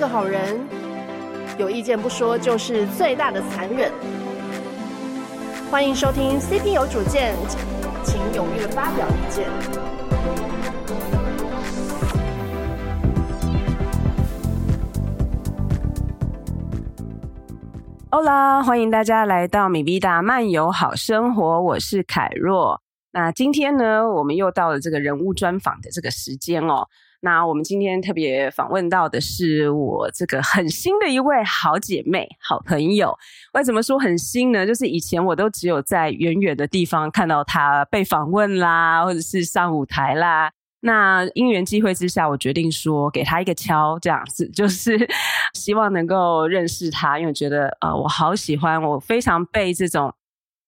個好人，有意見不說就是最大的殘忍。歡迎收聽 CP 有主見，請踴躍發表意見。Hola，歡迎大家來到 MiVida 漫遊好生活，我是凱若。那今天呢，我們又到了這個人物專訪的這個時間哦。那我們今天特別訪問到的是我這個很新的一位好姐妹、好朋友。為什麼說很新呢？就是以前我都只有在遠遠的地方看到她被訪問啦，或者是上舞台啦。那因緣際會之下，我決定說給她一個敲，這樣子就是希望能夠認識她，因為我覺得呃，我好喜歡，我非常被這種。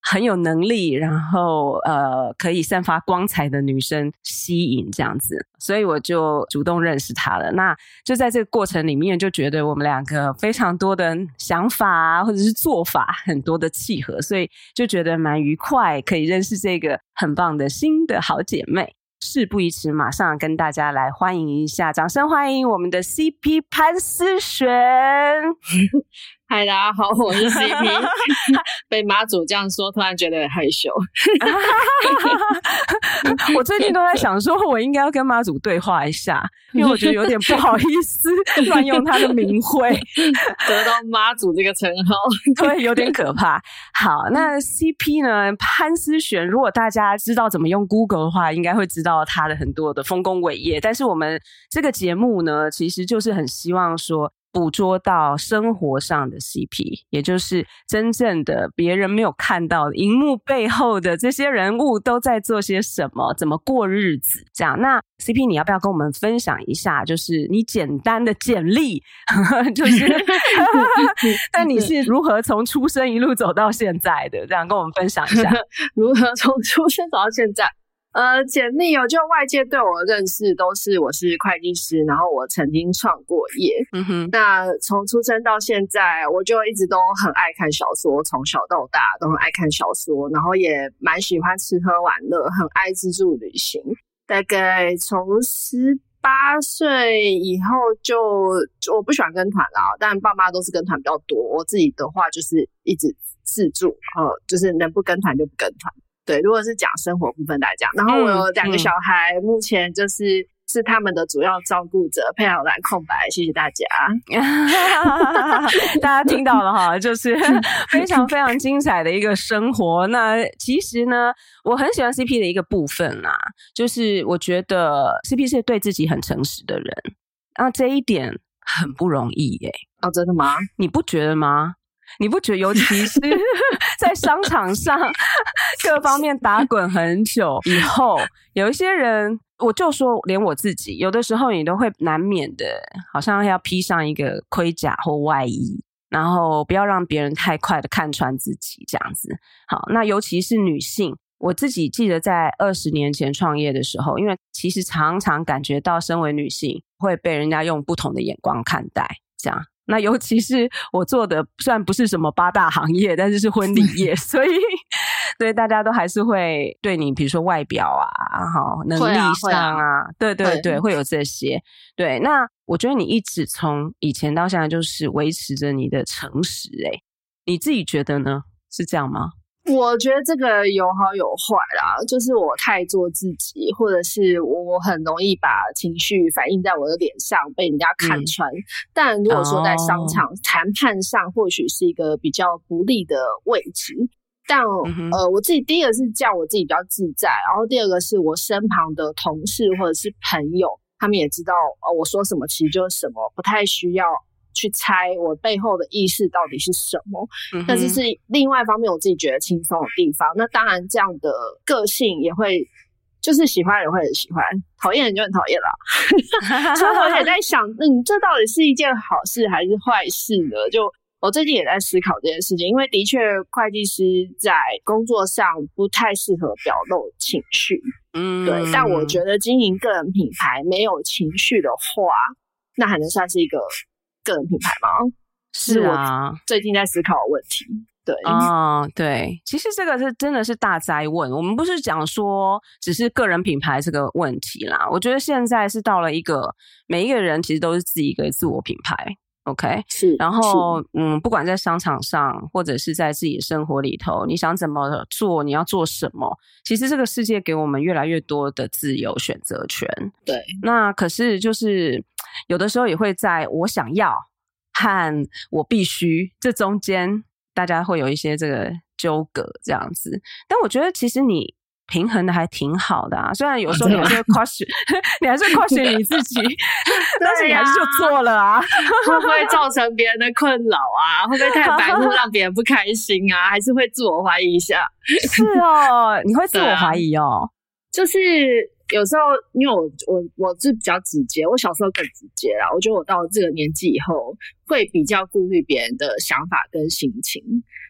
很有能力，然後呃，可以散發光彩的女生吸引這樣子，所以我就主動認識她了。那就在這個過程裡面，就覺得我們兩個非常多的想法或者是做法很多的契合，所以就覺得蠻愉快，可以認識這個很棒的新的好姐妹。事不宜遲，馬上跟大家來歡迎一下，掌聲歡迎我們的 CP 潘思璇。 嗨，大家好，我是 CP。 被媽祖這樣說，突然覺得害羞。 我最近都在想說，我應該要跟媽祖對話一下，因為我覺得有點不好意思亂用他的名諱， 得到媽祖這個稱號， 對，有點可怕。好，那 CP 呢？潘思璇，如果大家知道怎麼用 Google 的話，應該會知道他的很多的豐功偉業。但是我們這個節目呢，其實就是很希望說。捕捉到生活上的 CP，也就是真正的別人沒有看到的，熒幕背後的這些人物都在做些什麼，怎麼過日子？這樣，那 CP，你要不要跟我們分享一下？就是你簡單的簡歷，嗯、 就是，但你是如何從出生一路走到現在的？這樣跟我們分享一下， 如何從出生走到現在？呃，簡歷哦，就外界對我的認識都是我是會計師，然後我曾經創過業。嗯哼，那從出生到現在，我就一直都很愛看小說，從小到大都很愛看小說，然後也蠻喜歡吃喝玩樂，很愛自助旅行。大概從十八歲以後就，就我不喜歡跟團啦，啊，但爸媽都是跟團比較多。我自己的話就是一直自助，呃，就是能不跟團就不跟團。對，如果是講生活部分，來講。然後我有兩個小孩，嗯、目前就是是他們的主要照顧者。佩奧藍空白，謝謝大家。 大家聽到了哈，就是非常非常精彩的一個生活。 那其實呢，我很喜歡 CP 的一個部分啊，就是我覺得 CP 是對自己很誠實的人那、啊、這一點很不容易耶、欸。哦，真的嗎？你不覺得嗎？你不覺得，尤其是在商場上，各方面打滾很久以後，有一些人，我就說，連我自己，有的時候你都會難免的，好像要披上一個盔甲或外衣，然後不要讓別人太快的看穿自己這樣子。好，那尤其是女性，我自己記得在二十年前創業的時候，因為其實常常感覺到身為女性會被人家用不同的眼光看待，這樣。那尤其是我做的，雖然不是什麼八大行業，但是是婚禮業，是所以對大家都還是會對你，比如說外表啊，然後能力上啊，啊啊對對對，對會有這些。對，那我覺得你一直從以前到現在就是維持着你的誠實，欸，哎，你自己覺得呢？是這樣嗎？我覺得這個有好有壞啦，就是我太做自己，或者是我很容易把情緒反映在我的臉上，被人家看穿。嗯、但如果說在商場、哦、談判上，或許是一個比較不利的位置。但呃，我自己第一個是叫我自己比較自在，然後第二個是我身旁的同事或者是朋友，他們也知道呃我說什麼其實就是什麼，不太需要。去猜我背後的意思到底是什麼，嗯、哼但這是，是另外一方面我自己覺得輕鬆的地方。那當然，這樣的個性也會，就是喜歡人會很喜歡，討厭人就很討厭了。 所以我也在想， 嗯，這到底是一件好事還是壞事呢？就我最近也在思考這件事情，因為的確，會計師在工作上不太適合表露情緒。嗯，對。但我覺得經營個人品牌沒有情緒的話，那還能算是一個。個人品牌嗎？是啊，是我最近在思考問題。對啊。哦，對，其實這個是真的是大哉問。我們不是講說只是個人品牌這個問題啦，我覺得現在是到了一個每一個人其實都是自己一個自我品牌。OK，是然後，是嗯，不管在商場上，或者是在自己的生活裡頭，你想怎麼做，你要做什麼，其實這個世界給我們越來越多的自由選擇權。對，那可是就是有的時候也會在我想要和我必須這中間，大家會有一些這個糾葛，這樣子。但我覺得其實你平衡的還挺好的啊，雖然有時候你還是會 question< 吧>， 你還是 question 你自己， 啊，但是你還是錯了啊，會不會造成別人的困擾啊？ 會不會太白目讓別人不開心啊？ 還是會自我懷疑一下？是哦，喔，你會自我懷疑哦，喔啊，就是有時候因為我我我是比較直接，我小時候更直接啦，我覺得我到了這個年紀以後會比較顧慮別人的想法跟心情，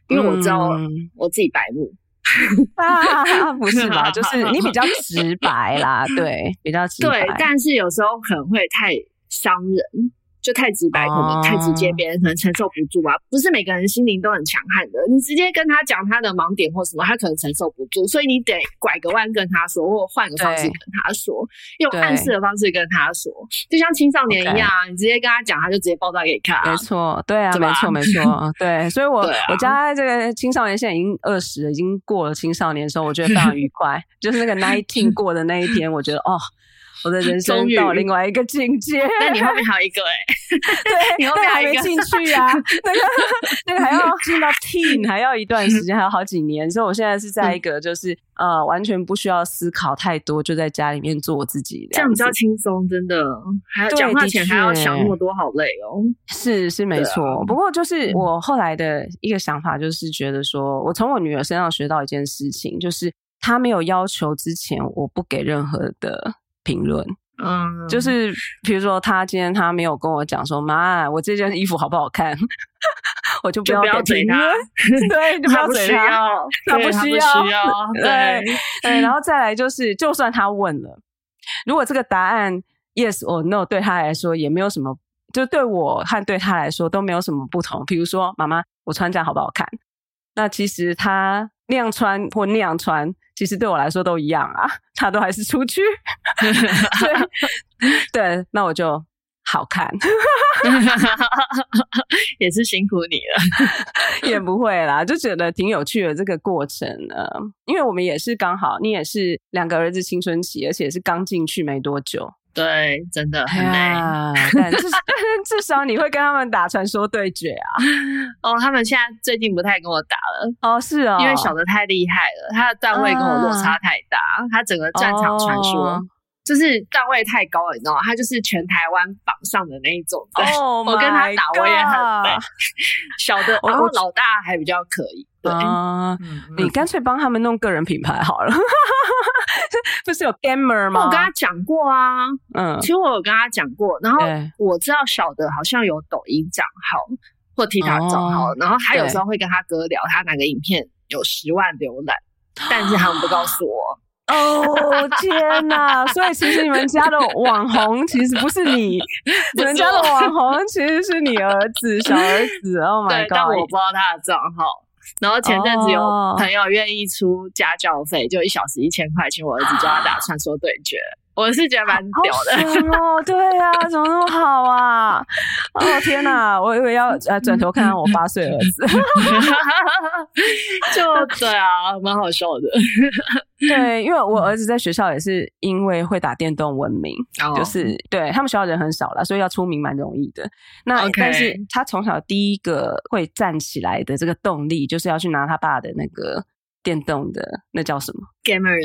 因為我知道我自己白目。嗯 啊，不是吧？就是你比較直白啦， 對，比較直白。對，但是有時候可能會太傷人。就太直白，可能太直接，別人可能承受不住啊。Oh. 不是每個人心靈都很強悍的。你直接跟他講他的盲點或什麼，他可能承受不住。所以你得拐個彎跟他說，或換個方式跟他說，用暗示的方式跟他說對，他說就像青少年一樣、啊，Okay. 你直接跟他講，他就直接爆炸給你看、啊。沒錯，對啊，吧沒錯，沒錯， 對。所以我，我、啊、我家這個青少年現在已經二十了，已經過了青少年的時候，我覺得非常愉快。 就是那個 nineteen 過的那一天， 我覺得哦。我的人生到另外一個境界。那你後面還有一個哎，對，你後面還沒進去啊？那個那個還要進到 team 還要一段時間，還要好幾年。所以我現在是在一個就是呃，完全不需要思考太多，就在家裡面做我自己，這樣比較輕鬆。真的，還要講話前還要想那麼多，好累哦。是是沒錯，不過就是我後來的一個想法，就是覺得說我從我女兒身上學到一件事情，就是她沒有要求之前，我不給任何的。評論，嗯，就是譬如說，他今天他沒有跟我講說，媽，我這件衣服好不好看？ 我就不，就不要給他， 對，不要給他，他不需要，對、對、哎，然後再來就是，就算他問了， 如果這個答案 yes or no 對他來說也沒有什麼，就對我和對他來說都沒有什麼不同。比如說，媽媽，我穿這樣好不好看？那其實他那樣穿或那樣穿。其實對我來說都一樣啊，他都還是出去， 對，對，那我就好看， 也是辛苦你了， 也不會啦，就覺得挺有趣的這個過程呢，因為我們也是剛好，你也是兩個兒子青春期，而且是剛進去沒多久。對，真的很累。至少你會跟他們打傳說對決啊！哦，他們現在最近不太跟我打了。哦，是啊、哦，因為小的太厲害了，他的段位跟我落差太大，啊、他整個戰場傳說、哦、就是段位太高了，你知道嗎？他就是全台灣榜上的那一種。哦，我跟他打我也很棒。小的、oh, 啊，我老大還比較可以。對啊，嗯、哼你乾脆幫他們弄個人品牌好了，哈哈哈，不是有 gamer 嗎？我跟他講過啊，嗯，其實我有跟他講過，然後我知道小的好像有抖音賬號或 TikTok 賬號，哦、然後他有時候會跟他哥聊，他哪個影片有十萬瀏覽，對但是他們不告訴我。哦 oh, 天哪、啊！所以其實你們家的網紅其實不是你， 是我你們家的網紅其實是你兒子小兒子。然後 my God，但我不知道他的賬號。然後前陣子有朋友願意出家教費，oh. 就一小時一千塊錢，我兒子就要打傳說對決了。我是覺得蠻屌的哦，喔、對啊怎麼那麼好啊？ 哦天啊！我以為要呃轉頭看看我八歲兒子 就對啊，蠻好笑的。對，因為我兒子在學校也是因為會打電動聞名，哦、就是對他們學校人很少啦，所以要出名蠻容易的。哦、那但是他從小第一個會站起來的這個動力，就是要去拿他爸的那個電動的，那叫什麼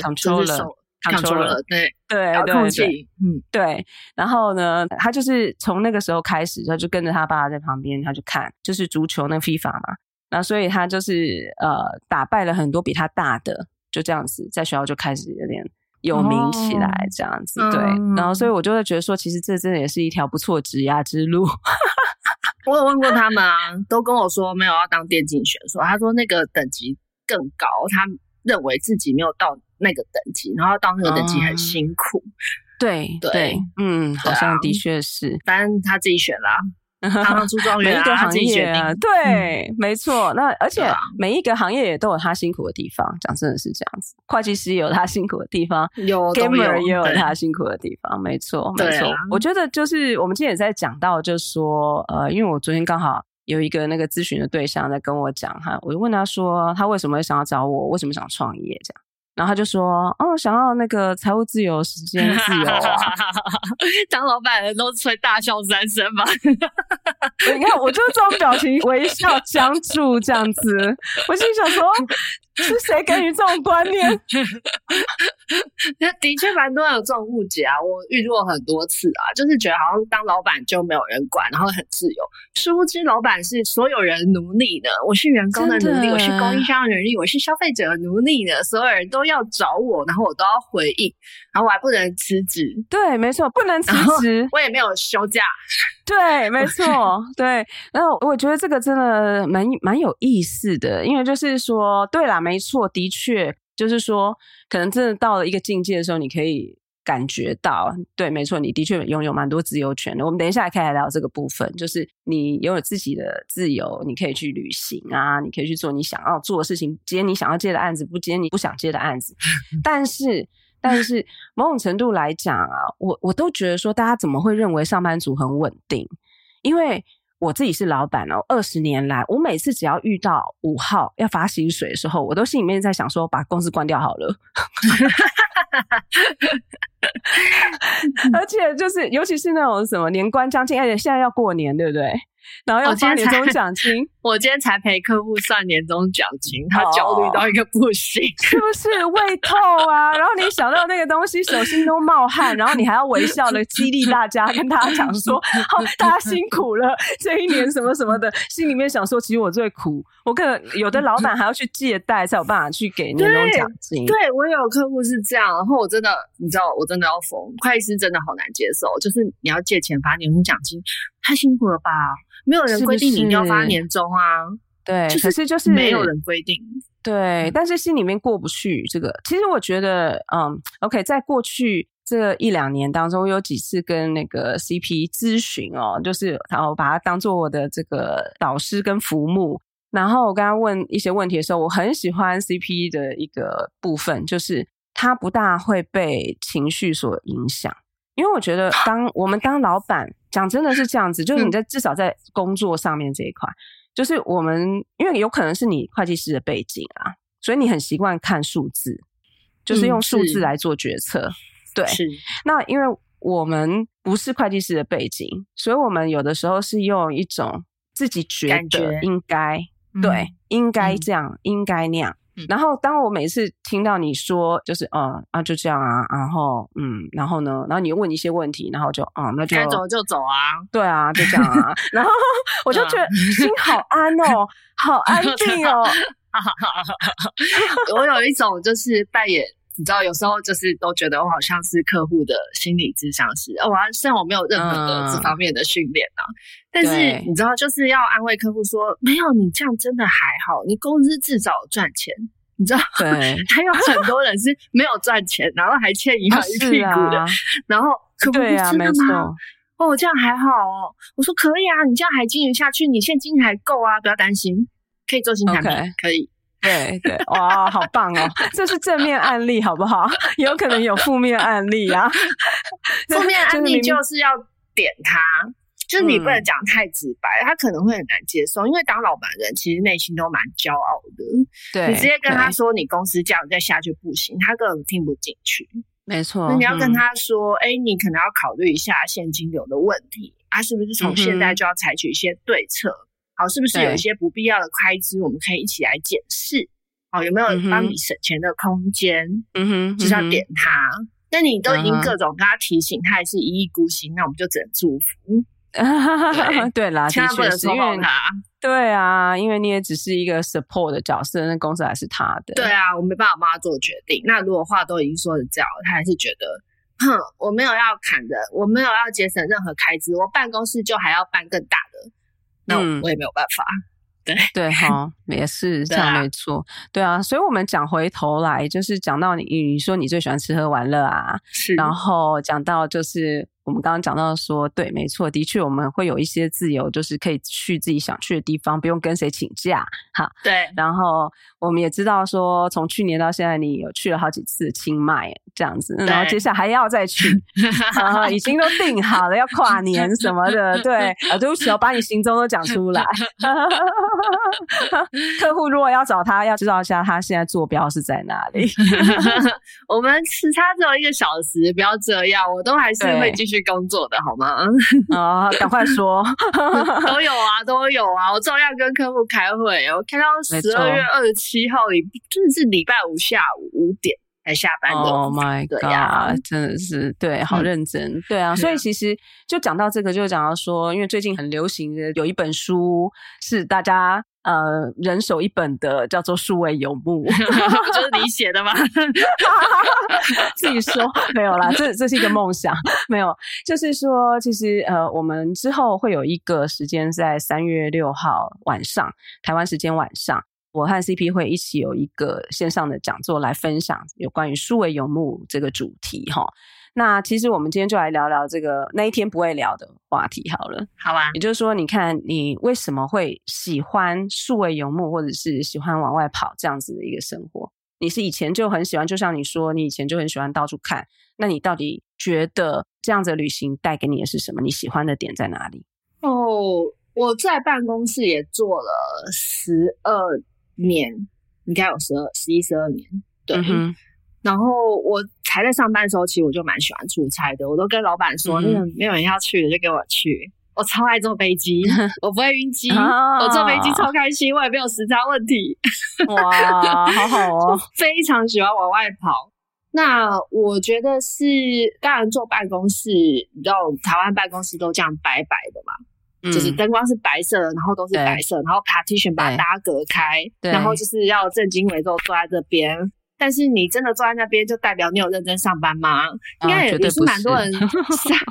controller 看球了，對對，遙控器，嗯，對。然後呢，他就是從那個時候開始，他就跟着他爸爸在旁邊，他就看，就是足球那個 FIFA 嘛。然後所以他就是呃，打敗了很多比他大的，就這樣子，在學校就開始有點有名起來，哦、這樣子。對。然後，所以我就會覺得說，其實這真的也是一條不錯職業之路。 我有問過他們啊，都跟我說沒有要當電競選手。他說那個等級更高，他認為自己沒有到。那個等級，然後到那個等級很辛苦。對對，嗯，好像的確是。反正他自己選啦，行行出狀元，每一個行業。對，沒錯。那而且每一個行業也都有他辛苦的地方，講真的是這樣子。會計師有他辛苦的地方，有 gamer 也有他辛苦的地方，沒錯，沒錯。我覺得就是我們今天也在講到，就是說，呃，因為我昨天剛好有一個那個諮詢的對象在跟我講哈，我就問他說，他為什麼想要找我？為什麼想創業？這樣。然後他就說：“哦，想要那個財務自由，時間自由，啊， 當老闆人都吹大笑三聲吧， 欸？你看，我就是這種表情， 微笑僵住這樣子，我心裡想說。” 是誰給予這種觀念？那 的確蠻多人有這種誤解啊，我遇過很多次啊，就是覺得好像當老闆就沒有人管，然後很自由。殊不知，老闆是所有人奴隸的，我是員工的奴隸，的我是供應商的奴隸，我是消費者的奴隸的，所有人都要找我，然後我都要回應，然後我還不能辭職。對，沒錯，不能辭職，我也沒有休假。對，沒錯，Okay. 對，然後我覺得這個真的蠻蠻有意思的，因為就是說，對啦，沒錯，的確就是說，可能真的到了一個境界的時候，你可以感覺到，對，沒錯，你的確擁有蠻多自由權的。我們等一下可以來聊這個部分，就是你擁有自己的自由，你可以去旅行啊，你可以去做你想要做的事情，接你想要接的案子，不接你不想接的案子， 但是。 但是某種程度來講啊，我我都覺得說，大家怎麼會認為上班族很穩定？因為我自己是老闆哦、啊，二十年來，我每次只要遇到五號要發薪水的時候，我都心裡面在想說，把公司關掉好了。 而且就是，尤其是那種什麼年關將近，而且現在要過年，對不對？然後要發年終獎金我，我今天才陪客戶算年終獎金，哦、他焦慮到一個不行，是不是胃痛啊？ 然後你想到那個東西，手心都冒汗，然後你還要微笑的激勵大家， 跟大家講說：“好、哦，大家辛苦了，這一年什麼什麼的。”心裡面想說：“其實我最苦，我可能有的老闆還要去借貸 才有辦法去給年終獎金。對”對我有客戶是這樣，然後我真的，你知道，我真的。要瘋，會計師真的好難接受，就是你要借錢發年終獎金，太辛苦了吧？是是沒有人規定你一定要發年終啊，對，其實就是，是、就是、沒有人規定，對。嗯、但是心裡面過不去這個，其實我覺得，嗯，OK，在過去這一兩年當中，我有幾次跟那個 CP 諮詢哦，就是然後把它當做我的這個導師跟服務。然後我剛剛問一些問題的時候，我很喜歡 CP 的一個部分，就是。他不大會被情緒所影響，因為我覺得，當我們當老板， 講真的是這樣子，就是你在至少在工作上面這一塊，嗯、就是我們因為有可能是你會計師的背景啊，所以你很習慣看數字，就是用數字來做決策。嗯、是對，是那因為我們不是會計師的背景，所以我們有的時候是用一種自己覺得應該感覺對，嗯、應該這樣，嗯、應該那樣。然後，當我每次聽到你說，就是，嗯啊，就這樣啊，然後，嗯，然後呢，然後你又問一些問題，然後就，啊、嗯，那就該走就走啊，對啊，就這樣啊， 然後我就覺得心好安哦， 好安靜哦。哈哈 我有一種就是扮演。你知道有時候就是都覺得我好像是客戶的心理諮商師，我、哦啊、雖然我沒有任何的這方面的訓練啊，嗯、但是對你知道就是要安慰客戶說，沒有你這樣真的還好，你工資至少賺錢，你知道？對還有很多人是沒有賺錢，然後還欠銀行一屁股的，啊啊然後可不真的嗎？啊、哦，這樣還好哦。我說可以啊，你這樣還經營下去，你現金還夠啊，不要擔心，可以做新產品，Okay. 可以。對對，哇，好棒哦，喔！ 這是正面案例，好不好？有可能有負面案例啊。負面案例就是要點他， 就是你不能講太直白，嗯、他可能會很難接受。因為當老板人其實內心都蠻驕傲的，對你直接跟他說你公司這樣再下去不行，他根本聽不進去。沒錯錯，那你要跟他說，哎、嗯欸，你可能要考慮一下現金流的問題他、啊、是不是從現在就要採取一些對策？哦、是不是有一些不必要的開支，對我們可以一起來檢視哦，有沒有幫你省錢的空間？嗯哼、mm，hmm. 就是要點他。那、mm hmm. 你都已經各種跟他提醒，他還是一意孤行，uh huh. 那我們就只能祝福。Uh huh. 對啦，千萬不能慫恿他 對是。對啊，因為你也只是一個 support 的角色，那公司還是他的。對啊，我沒辦法幫他做決定。那如果話都已經說得這樣，他還是覺得，哼，我沒有要砍的，我沒有要節省任何開支，我辦公室就還要辦更大的。嗯、那我也沒有辦法。對對，哈，也是、 啊、這樣，沒錯。對啊，所以，我們講回頭來，就是講到你，你說你最喜歡吃喝玩樂啊，是然後講到就是。我們剛剛講到說，對，沒錯，的確我們會有一些自由，就是可以去自己想去的地方，不用跟誰請假，哈。對。然後我們也知道說，從去年到現在，你有去了好幾次清邁這樣子，然後接下來還要再去，對 啊、已經都定好了要跨年什麼的。對，啊，對不起、喔，我把你行蹤都講出來。 客戶如果要找他，要知道一下他現在坐標是在哪裡。 我們時差只有一個小時，不要這樣，我都還是會繼續工作的，好嗎？啊，趕快說， 都有啊，都有啊。我照樣要跟客戶開會，我開到十二月二十七號里，真的錯是禮拜五下午五點才下班的。Oh my God！、啊、真的是對，好認真。嗯、對啊，所以其實就講到這個，就講到說，因為最近很流行的有一本書，是大家，呃，人手一本的叫做《數位游牧》，就 是你寫的嗎？ 自己說沒有啦，這這是一個夢想，沒有。就是說，其實呃，我們之後會有一個時間，在三月六號晚上，台灣時間晚上，我和 CP 會一起有一個線上的講座，來分享有關於數位游牧這個主題，哈。那其實我們今天就來聊聊這個那一天不會聊的話題好了，好啊。也就是說，你看你為什麼會喜歡數位遊牧，或者是喜歡往外跑這樣子的一個生活？你是以前就很喜歡，就像你說，你以前就很喜歡到處看。那你到底覺得這樣子的旅行帶給你的是什麼？你喜歡的點在哪裡？哦，我在辦公室也做了十二年，應該有十二、十一、十二年，對。嗯哼然後我才在上班的時候，其實我就蠻喜歡出差的。我都跟老闆說，嗯、那沒有人要去的就給我去。我超愛坐飛機， 我不會暈機，哦、我坐飛機超開心，我也沒有時差問題。 哇好好哦，非常喜歡往外跑。那我覺得是當然坐辦公室，你知道台灣辦公室都這樣白白的嘛，嗯、就是燈光是白色的，然後都是白色的，對然後 partition 把大家隔開，然後就是要正襟危坐坐在這邊。但是你真的坐在那邊，就代表你有認真上班嗎？應該也是蠻多人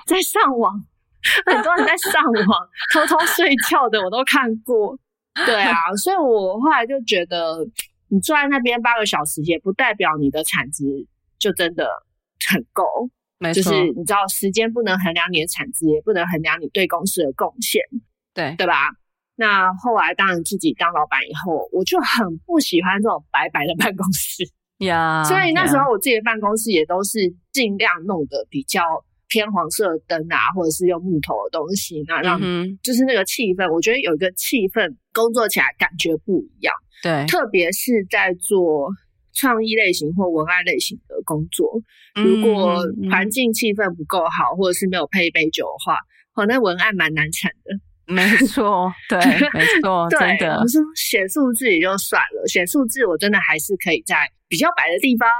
在上網，哦、 很多人在上網偷偷睡覺的，我都看過。對啊，所以我後來就覺得，你坐在那邊八個小時，也不代表你的產值就真的很夠。沒錯。就是你知道，時間不能衡量你的產值，也不能衡量你對公司的貢獻。對，對吧？那後來當然自己當老闆以後，我就很不喜歡這種白白的辦公室。呀，yeah, 所以那時候我自己的辦公室也都是盡量弄得比較偏黃色的燈啊，或者是用木頭的東西，那讓、mm hmm. 就是那個氣氛，我覺得有一個氣氛，工作起來感覺不一樣。對，特別是在做創意類型或文案類型的工作，mm hmm. 如果環境氣氛不夠好，或者是沒有配一杯酒的話，可、哦、能文案蠻難產的。沒錯，對， 沒錯，真的。對我說寫數字也就算了，寫數字我真的還是可以在比較白的地方，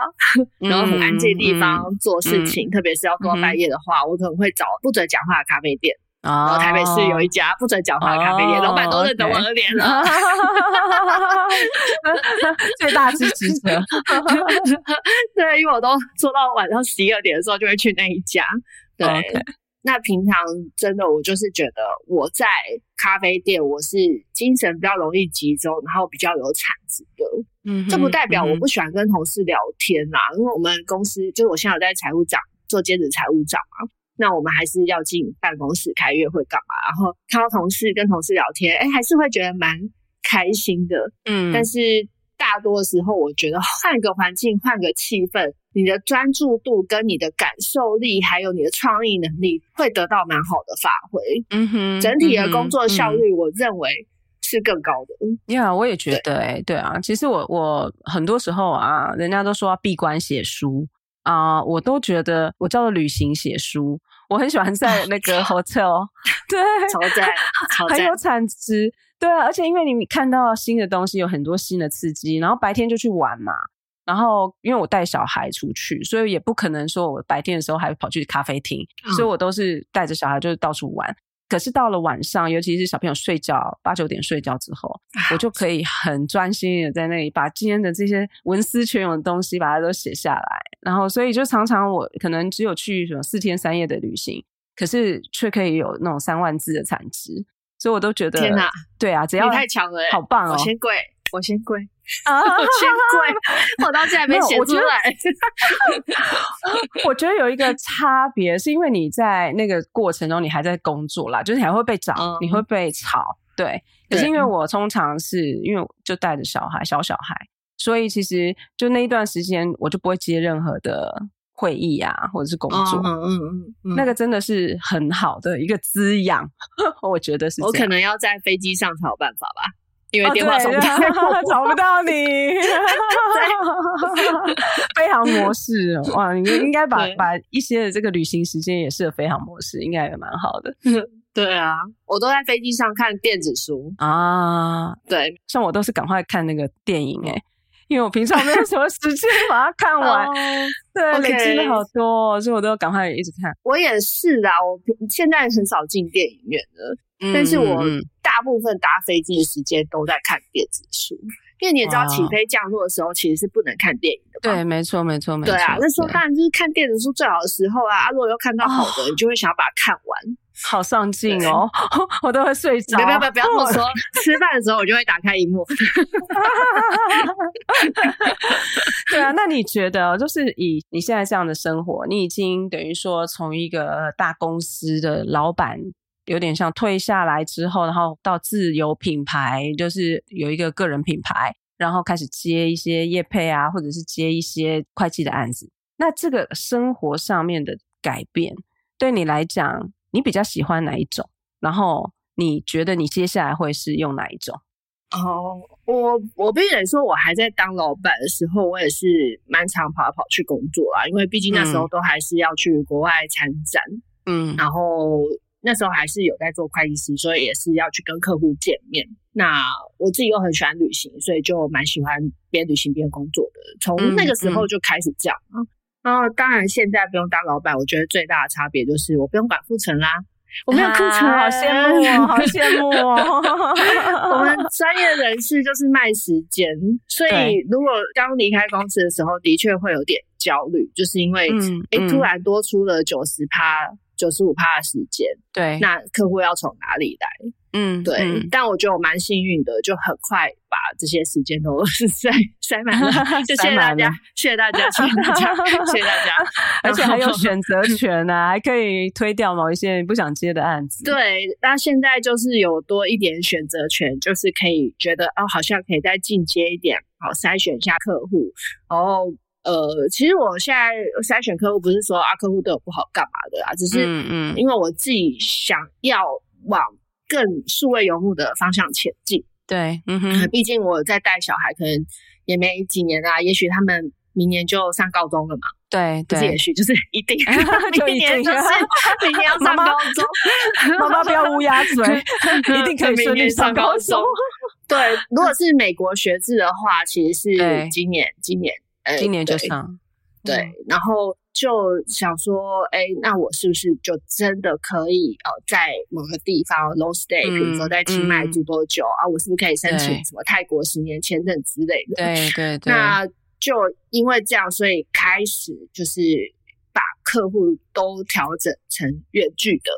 然後很安靜的地方做事情，嗯嗯、特別是要做到半夜的話，嗯、我可能會找不准講話的咖啡店。哦、然後台北市有一家不准講話的咖啡店，哦、老闆都認得我的臉了，最大支持者。對，因為我都做到晚上十一二點的時候，就會去那一家。對，哦 okay、那平常真的，我就是覺得我在咖啡店，我是精神比較容易集中，然後比較有產值的。嗯，這不代表我不喜歡跟同事聊天啦、啊，嗯嗯、因為我們公司就是我現在有在財務長做兼職財務長嘛、啊，那我們還是要進辦公室開月會幹嘛，然後看到同事跟同事聊天，哎，還是會覺得蠻開心的。嗯，但是大多的時候，我覺得換一個環境，換個氣氛，你的專注度跟你的感受力，還有你的創意能力，會得到蠻好的發揮。嗯哼，嗯哼嗯哼，整體的工作效率，我認為，嗯是更高的。你、嗯、好，yeah, 我也覺得哎、欸，對，對啊，其實我我很多時候啊，人家都說要閉關寫書啊、呃，我都覺得我叫做旅行寫書。我很喜歡在那個 hotel， 對，很有產值。對啊，而且因為你看到新的東西，有很多新的刺激，然後白天就去玩嘛。然後因為我帶小孩出去，所以也不可能說我白天的時候還跑去咖啡廳，嗯、所以我都是帶着小孩就是到處玩。可是到了晚上，尤其是小朋友睡覺，八九點睡覺之後，我就可以很專心的在那裡把今天的這些文思泉湧的東西把它都寫下來，然後，所以就常常我可能只有去什麼四天三夜的旅行，可是卻可以有那種三萬字的產值，所以我都覺得天哪。對啊，只要你太強了，好棒哦，好貴。我先跪啊！我先跪， 我到現在還沒寫出來 no, 我。 我覺得有一個差別，是因為你在那個過程中，你還在工作啦，就是你還會被找，嗯、你會被吵。對，可是因為我通常是對因為我就帶着小孩，小小孩，所以其實就那一段時間，我就不會接任何的會議啊，或者是工作。嗯嗯嗯，那個真的是很好的一個滋養， 我覺得是。我可能要在飛機上才有辦法吧。因為電話不、哦、找不到你， 對 飛航模式哇！你應該把對把一些的這個旅行時間也設飛航模式，應該也蠻好的。對啊，我都在飛機上看電子書啊。對，像我都是趕快看那個電影誒、欸因為我平常沒有什麼時間把它看完， oh, okay. 對，累積了好多，哦，所以我都要趕快一直看。我也是的，我現在很少進電影院的，嗯，但是我大部分搭飛機的時間都在看電子書，嗯，因為你也知道，起飛降落的時候其實是不能看電影的吧。對，沒錯，沒錯，沒錯。對啊，對那時候當然就是看電子書最好的時候啊！啊如果有看到好的，你就會想要把它看完。Oh. 好上進哦對，我都會睡着、啊。不要不要不要這麼說。 吃飯的時候我就會打開螢幕。 對啊，那你覺得就是以你現在這樣的生活，你已經等於說從一個大公司的老闆有點像退下來之後，然後到自有品牌，就是有一個個人品牌，然後開始接一些業配啊，或者是接一些會計的案子。那這個生活上面的改變，對你來講？你比較喜歡哪一種？然後你覺得你接下來會是用哪一種？哦、uh,，我我畢竟說，我還在當老闆的時候，我也是蠻常跑來跑去工作啦。因為畢竟那時候都還是要去國外參展，嗯，然後那時候還是有在做會計師，所以也是要去跟客戶見面。那我自己又很喜歡旅行，所以就蠻喜歡邊旅行邊工作的。從那個時候就開始這樣。嗯嗯然後、哦、當然現在不用當老闆，我覺得最大的差別就是我不用管庫存啦，啊、我沒有庫存，好羨慕哦，好羨慕哦。我們專業人士就是賣時間，所以如果剛離開公司的時候，的確會有點焦慮，就是因為、嗯嗯欸，突然多出了九十趴。九十五趴的時間，對，那客戶要從哪裡來？嗯，對。嗯、但我覺得我蠻幸運的，就很快把這些時間都 塞塞滿了。謝謝大家，謝謝大家， 謝謝大家， 而且還有選擇權呢、啊， 還可以推掉某一些不想接的案子。對，那現在就是有多一點選擇權，就是可以覺得哦，好像可以再進階一點，好篩選一下客戶然後、哦呃，其實我現在篩選客戶不是說啊客戶對我不好幹嘛的啦、啊，嗯、只是嗯嗯，因為我自己想要往更數位游牧的方向前進。對，嗯哼，畢、嗯、竟，我在帶小孩，可能也沒幾年啦、啊，也許他們明年就上高中了嘛。對對，對也許就是一定， 明年就是明年要上高中，媽媽 媽不要烏鴉嘴， 一定可以明年上高中。對，如果是美國學制的話，其實是今年，今對年。欸、今年就上，對，嗯、對，然後就想說，哎、欸，那我是不是就真的可以呃，在某個地方 low stay，比如說在清邁住多久、嗯、啊？我是不是可以申請什麼泰國十年簽證之類的？對對對，對對那就因為這樣，所以開始就是把客戶都調整成遠距的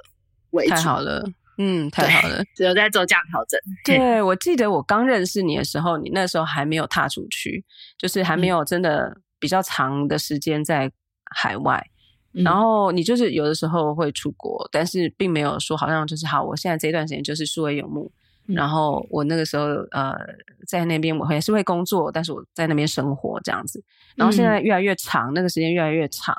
為主了。太好了。嗯，太好了，只有在做這樣調整。對，嘿我記得我剛認識你的時候，你那時候還沒有踏出去，就是還沒有真的比較長的時間在海外。嗯、然後你就是有的時候會出國，嗯、但是並沒有說好像就是好，我現在這段時間就是數位游牧。嗯、然後我那個時候呃在那邊我還是會工作，但是我在那邊生活這樣子。然後現在越來越長，嗯、那個時間越來越長。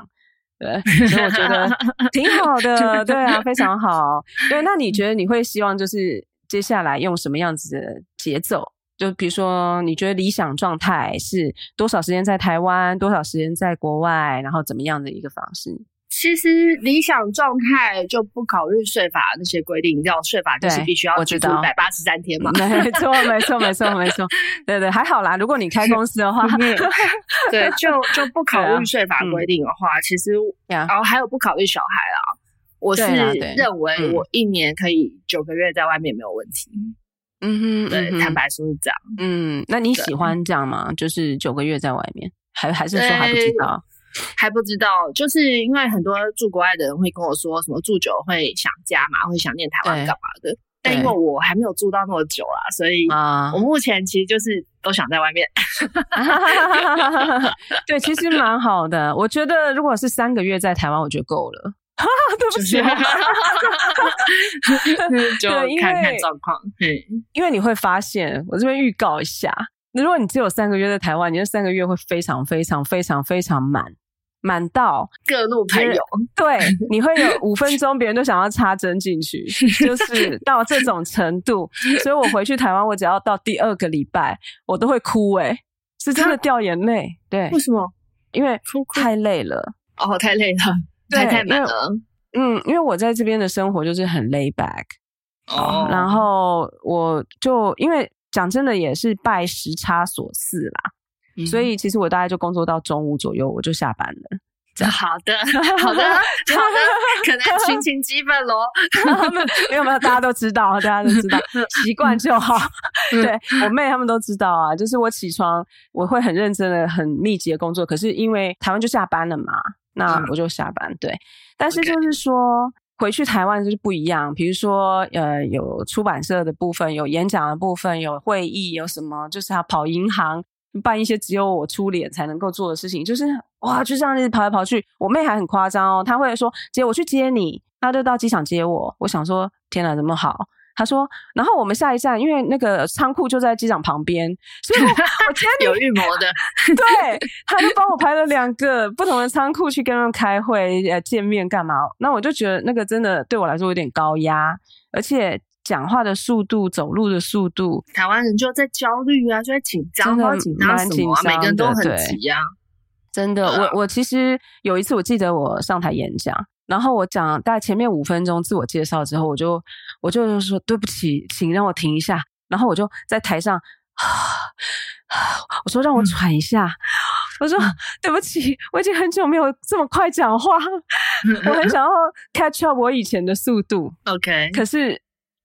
對， 所以我覺得挺好的，對啊，非常好。對，那你覺得你會希望就是接下來用什麼樣子的節奏？就比如說，你覺得理想狀態是多少時間在台灣，多少時間在國外，然後怎麼樣的一個方式？其實理想狀態，就不考慮稅法那些規定，你知道稅法就是必須要居住在一百八十三天嘛。沒錯，沒錯，沒錯，沒錯。對對，還好啦。如果你開公司的話，對，就就不考慮稅法規定的話，其實呀，然後還有不考慮小孩啊。我是認為我一年可以九個月在外面沒有問題。嗯哼，對，坦白說是這樣。嗯，那你喜歡這樣嗎？就是九個月在外面，還還是說還不知道？還不知道，就是因為很多住國外的人會跟我說什麼住久會想家嘛，會想念台灣幹嘛的。欸、但因為我還沒有住到那麼久啊，嗯、所以啊，我目前其實就是都想在外面。啊、 對，其實蠻好的。我覺得如果是三個月在台灣，我覺得夠了。對不起， 就看看狀況。對，因為你會發現，我這邊預告一下，如果你只有三個月在台灣，你這三個月會非常非常非常非常滿。滿到各路朋友，就是，對，你會有五分鐘，別人都想要插針進去， 就是到這種程度。所以我回去台灣，我只要到第二個禮拜，我都會哭，欸，誒是真的掉眼淚。他對，為什麼？因為太累了。哦，oh, 太累了，對為太累了。嗯，因為我在這邊的生活就是很 lay back，哦，oh. 然後我就因為講真的，也是拜時差所賜啦。所以其實我大概就工作到中午左右，我就下班了。嗯、這樣好的，好的，好的， 可能心情激奮咯。 他們有沒有，大家都知道，大家都知道，習慣就好。 對我妹他們都知道啊，就是我起床我會很認真的、很密集的工作，可是因為台灣就下班了嘛，那我就下班。嗯、對，但是就是說 Okay. 回去台灣就是不一樣，比如說呃，有出版社的部分，有演講的部分，有會議，有什麼就是要跑銀行。辦一些只有我出臉才能夠做的事情，就是哇，就這樣子跑來跑去。我妹還很誇張哦，她會說姐，我去接你，她就到機場接我。我想說天哪，這麼好？她說，然後我們下一站，因為那個倉庫就在機場旁邊，所以我我覺得， 有預謀的， 對，她就幫我排了兩個不同的倉庫去跟他們開會、呃、見面幹嘛？那我就覺得那個真的對我來說有點高壓，而且。講話的速度，走路的速度，台灣人就在焦慮啊，就在緊張，緊張什麼、啊？每個人都很急、啊、真的。啊、我我其實有一次我記得我上台演講，然後我講大概前面五分鐘自我介紹之後，我就我就，就說對不起，請讓我停一下。然後我就在台上我說讓我喘一下，嗯、我說對不起，我已經很久沒有這麼快講話，嗯、我很想要 catch up 我以前的速度。OK，可是。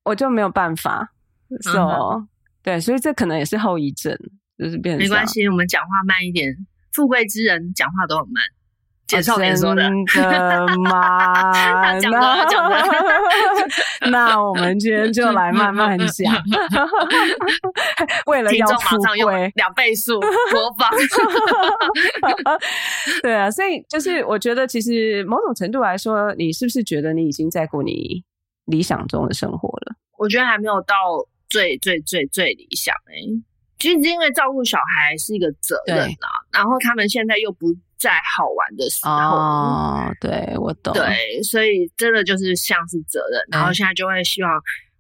我就沒有辦法，所、so, 嗯、哼對，所以這可能也是後遺症，就是變沒關係。我們講話慢一點。富貴之人講話都很慢，是少杰說、啊、的嗎？講那我們今天就來慢慢講。 為了要富貴，馬上用兩倍速播放。 對啊，所以就是我覺得，其實某種程度來說，你是不是覺得你已經在過你理想中的生活了？我覺得還沒有到最最最最理想誒、欸，其實因為照顧小孩是一個責任啊，對然後他們現在又不在好玩的時候，哦、oh,，對，我懂，對，所以真的就是像是責任，然後現在就會希望。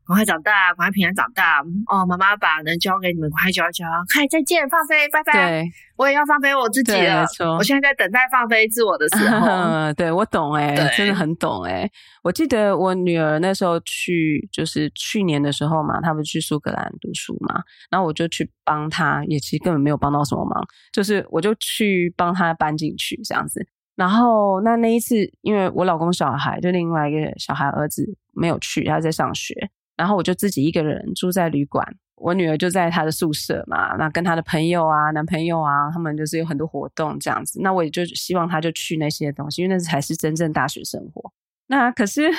趕快長大，趕快平安長大哦！媽媽把能交給你們，快交交。快再見，放飛，拜拜！對，我也要放飛我自己了。我現在在等待放飛自我的時候。啊、對，我懂誒、欸、對真的很懂誒、欸、我記得我女兒那時候去，就是去年的時候嘛，她不是去蘇格蘭讀書嘛，然後我就去幫她，也其實根本沒有幫到什麼忙，就是我就去幫她搬進去這樣子。然後那那一次，因為我老公小孩，就另外一個小孩兒子沒有去，他在上學。然後我就自己一個人住在旅館，我女兒就在她的宿舍嘛，那跟她的朋友啊、男朋友啊，他們就是有很多活動這樣子。那我也就希望她就去那些東西，因為那才是真正大學生活。那、啊、可是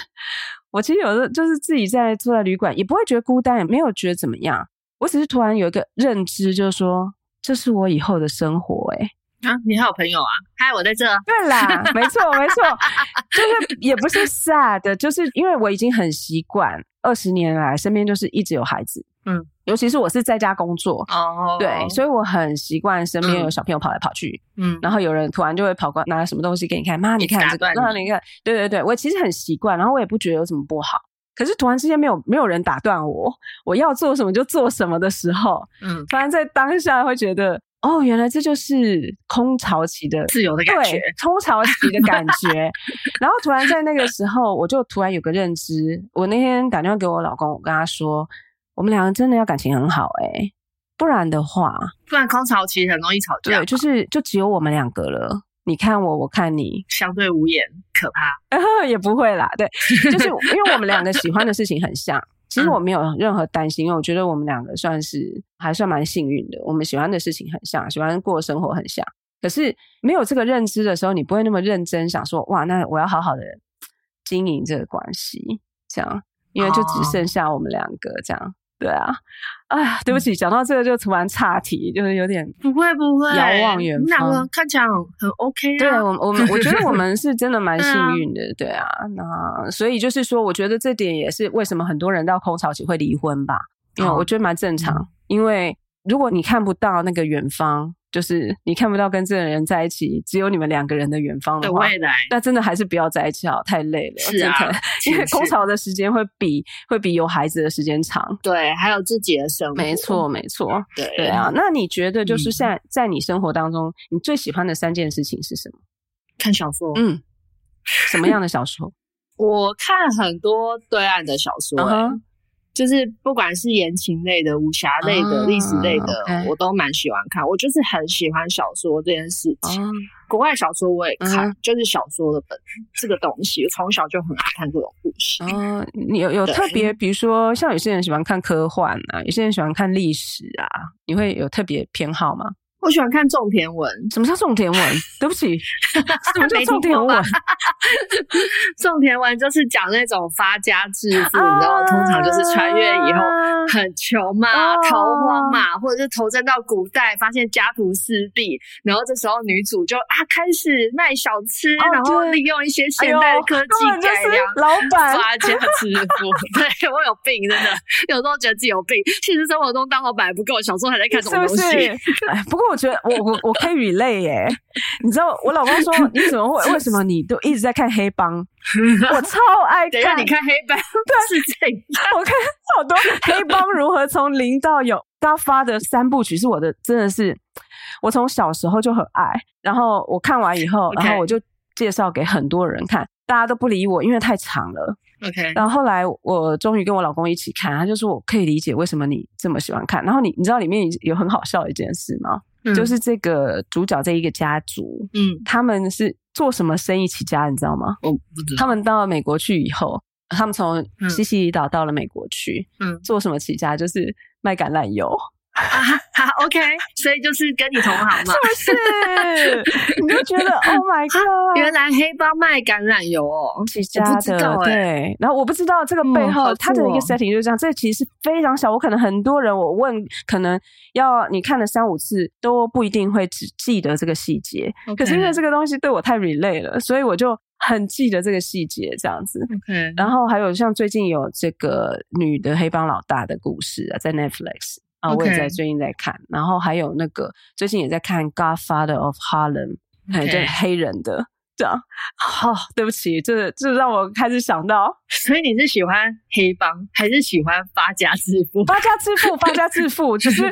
我其實有時候就是自己在住在旅館，也不會覺得孤單，也沒有覺得怎麼樣。我只是突然有一個認知，就是說這是我以後的生活誒、欸啊，你還有朋友啊？嗨，我在這。對啦，沒錯，沒錯， 就是也不是 sad，就是因為我已經很習慣，二十年來身邊就是一直有孩子。嗯，尤其是我是在家工作哦，對，所以我很習慣身邊有小朋友跑來跑去。嗯，然後有人突然就會跑過拿什麼東西給你看，媽，嗯、你看、這個、你，你看，對對對，我其實很習慣，然後我也不覺得有什麼不好。可是突然之間沒有沒有人打斷我，我要做什麼就做什麼的時候，嗯，反正在當下會覺得。哦，原來這就是空巢期的自由的感覺，對，空巢期的感覺。 然後突然在那個時候，我就突然有個認知。我那天打電話給我老公，我跟他說，我們兩個真的要感情很好誒、欸，不然的話，不然空巢期很容易吵架。對，就是就只有我們兩個了，你看我，我看你，相對無言，可怕。 也不會啦，對，就是因為我們兩個喜歡的事情很像。其實我沒有任何擔心，嗯、因為我覺得我們兩個算是還算蠻幸運的。我們喜歡的事情很像，喜歡過的生活很像。可是沒有這個認知的時候，你不會那麼認真想說，哇，那我要好好的經營這個關係，這樣，因為就只剩下我們兩個這樣。對啊，啊，對不起，講到這個就突然岔題，嗯、就是有點不會不會。遙望遠方，那我看起來很 OK 啊。對啊，我我們我覺得我們是真的蠻幸運的， 對啊，對啊。那所以就是說，我覺得這點也是為什麼很多人到空巢期會離婚吧，嗯、因為我覺得蠻正常，嗯、因為。如果你看不到那個遠方，就是你看不到跟這個人在一起，只有你們兩個人的遠方的話，的未來，那真的還是不要在一起好，太累了。是啊，真是因為空巢的時間會比會比有孩子的時間長。對，還有自己的生活。沒錯，沒錯。對，對啊，那你覺得就是現在在你生活當中，嗯、你最喜歡的三件事情是什麼？看小說。嗯，什麼樣的小說？ 我看很多對岸的小說哎、欸。Uh huh. 就是不管是言情類的、武俠類的、oh, 歷史類的，okay. 我都蠻喜歡看。我就是很喜歡小說這件事情，oh. 國外小說我也看，uh huh. 就是小說的本這個東西，我從小就很愛看這種故事。嗯，oh, 你有有特別，對比如說像有些人喜歡看科幻啊，有些人喜歡看歷史啊，你會有特別偏好嗎？我喜歡看種田文，什麼叫種田文？對不起，什麼叫種田文？種田文就是講那種發家致富，然後通常就是穿越以後很窮嘛，逃荒嘛，或者是投身到古代，發現家徒四壁，然後這時候女主就啊開始賣小吃，然後利用一些現代科技改良，發家致富。對，我有病，真的，有時候覺得自己有病。現實生活中當老闆還不夠，小時候還在看這種東西。不過。 我覺得我我我可以 relate 耶，你知道我老公說，你怎麼會 為什麼你都一直在看黑幫？ 我超愛看你看黑幫。 對，是這樣。我看好多黑幫如何從零到有，他 發的三部曲是我的真的是我從小時候就很愛。然後我看完以後，Okay. 然後我就介紹給很多人看，大家都不理我，因為太長了。OK，然後後來我終於跟我老公一起看，他就說，我可以理解為什麼你這麼喜歡看。然後你你知道裡面有很好笑的一件事嗎？就是這個主角這一個家族，嗯，他們是做什麼生意起家，你知道嗎？我不知道。他們到了美國去以後，他們從西西里島到了美國去，嗯，做什麼起家？就是賣橄欖油。 啊，好，OK，所以就是跟你同行嘛。是不是？你就覺得 ，Oh my God，原來黑幫賣橄欖油哦。起家的不知道、欸、對，然後我不知道這個背後，它的一個 setting 就是這樣。嗯喔、這個其實非常小，我可能很多人我問，可能要你看了三五次都不一定會只記得這個細節。Okay. 可是因為這個東西對我太 relate 了，所以我就很記得這個細節這樣子。OK，然後還有像最近有這個女的黑幫老大的故事啊，在 Netflix。啊，Okay. 我也在最近在看，然後還有那個最近也在看《Godfather of Harlem》，還黑人的，對啊。好、哦，對不起，這這讓我開始想到，所以你是喜歡黑幫還是喜歡發家，發家致富？發家致富，發家致富，只是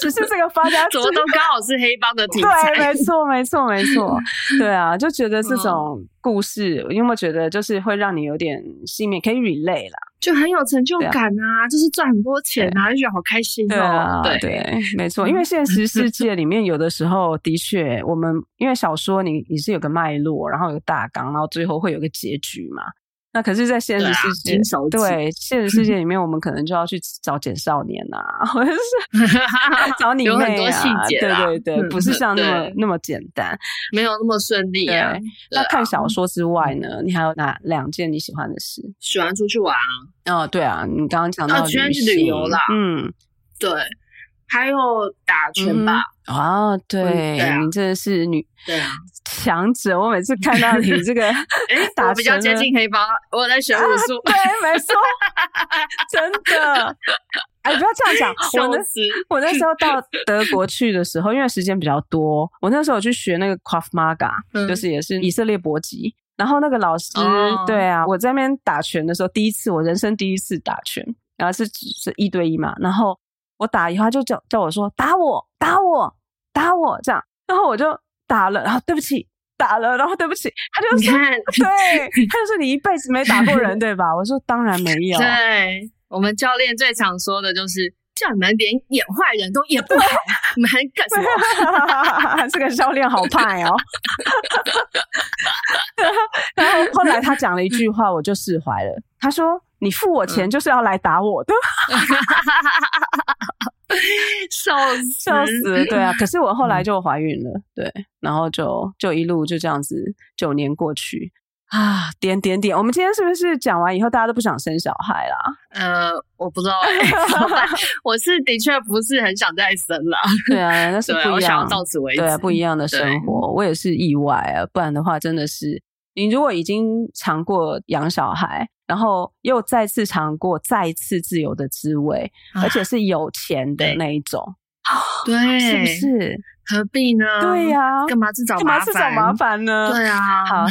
只是這個發家致富，這都剛好是黑幫的題材。對，沒錯，沒錯，沒錯，對啊，就覺得這種。嗯故事，因為我覺得就是會讓你有點心裡面可以 relay 啦，就很有成就感吶、啊，啊、就是賺很多錢吶、啊，對就覺得好開心哦、啊。對，啊、對，對對沒錯，因為現實世界裡面有的時候 的確，我們因為小說，你你是有個脈絡，然後有個大綱，然後最後會有個結局嘛。那可是，在現實世界，對現實世界裡面，我們可能就要去找簡少年吶，或者是找你有很多細節，對對，對，不是像那麼那麼簡單，沒有那麼順利。那看小說之外呢，你還有哪兩件你喜歡的事？喜歡出去玩啊？哦，對啊，你剛剛講到，當然是旅遊了。嗯，對，還有打拳吧。啊、哦，對，對啊、你真的是女對。強者。我每次看到你這個，誒打拳、 欸、我比較接近黑幫。我在學武術、啊，對，沒錯， 真的。哎，不要這樣講。我那恥我那時候到德國去的時候，因為時間比較多，我那時候我去學那個 Krav Maga 就是也是以色列搏擊。然後那個老師，嗯、對啊，我在那邊打拳的時候，第一次我人生第一次打拳，然後是是一對一嘛。然後我打以後，他就叫叫我說打我，打我。打我這樣，然後我就打了，然後對不起打了，然後對不起，他就是看對，他就說你一輩子沒打過人 對吧？我說當然沒有。對我們教練最常說的就是，你們連演壞人都演不好， 你們還幹什麼？ 這個教練好派哦。 然後後來他講了一句話，我就釋懷了。他說：“你付我錢就是要來打我的。 ”笑死，笑死，對啊！可是我後來就懷孕了，嗯、對，然後就就一路就這樣子，九年過去啊，點點點。我們今天是不是講完以後，大家都不想生小孩啦？呃，我不知道、欸， 我是的確不是很想再生啦。對啊，那是不一樣，對，我想要到此為止，對啊、不一樣的生活。對我也是意外啊，不然的話，真的是你如果已經嘗過養小孩。然後又再次嘗過再次自由的滋味，啊、而且是有錢的那一種，對，啊、對，是不是？何必呢？對呀、啊，幹嘛自找麻煩幹嘛自找麻煩呢？對啊，好，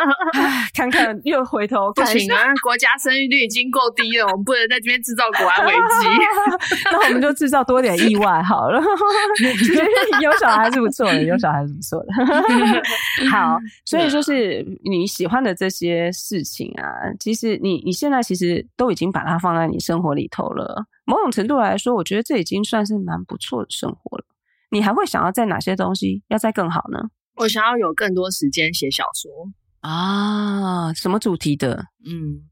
看看又回頭看。不行、啊， 國家生育率已經夠低了， 我們不能在這邊制造國安危機。 那我們就製造多點意外好了。 有小孩是不錯的，有小孩是不錯的。 好，所以就是你喜歡的這些事情啊，其實你你現在其實都已經把它放在你生活裡頭了。某種程度來說，我覺得這已經算是蠻不錯的生活了。你還會想要在哪些東西要再更好呢？我想要有更多時間寫小說。啊，什麼主題的？嗯，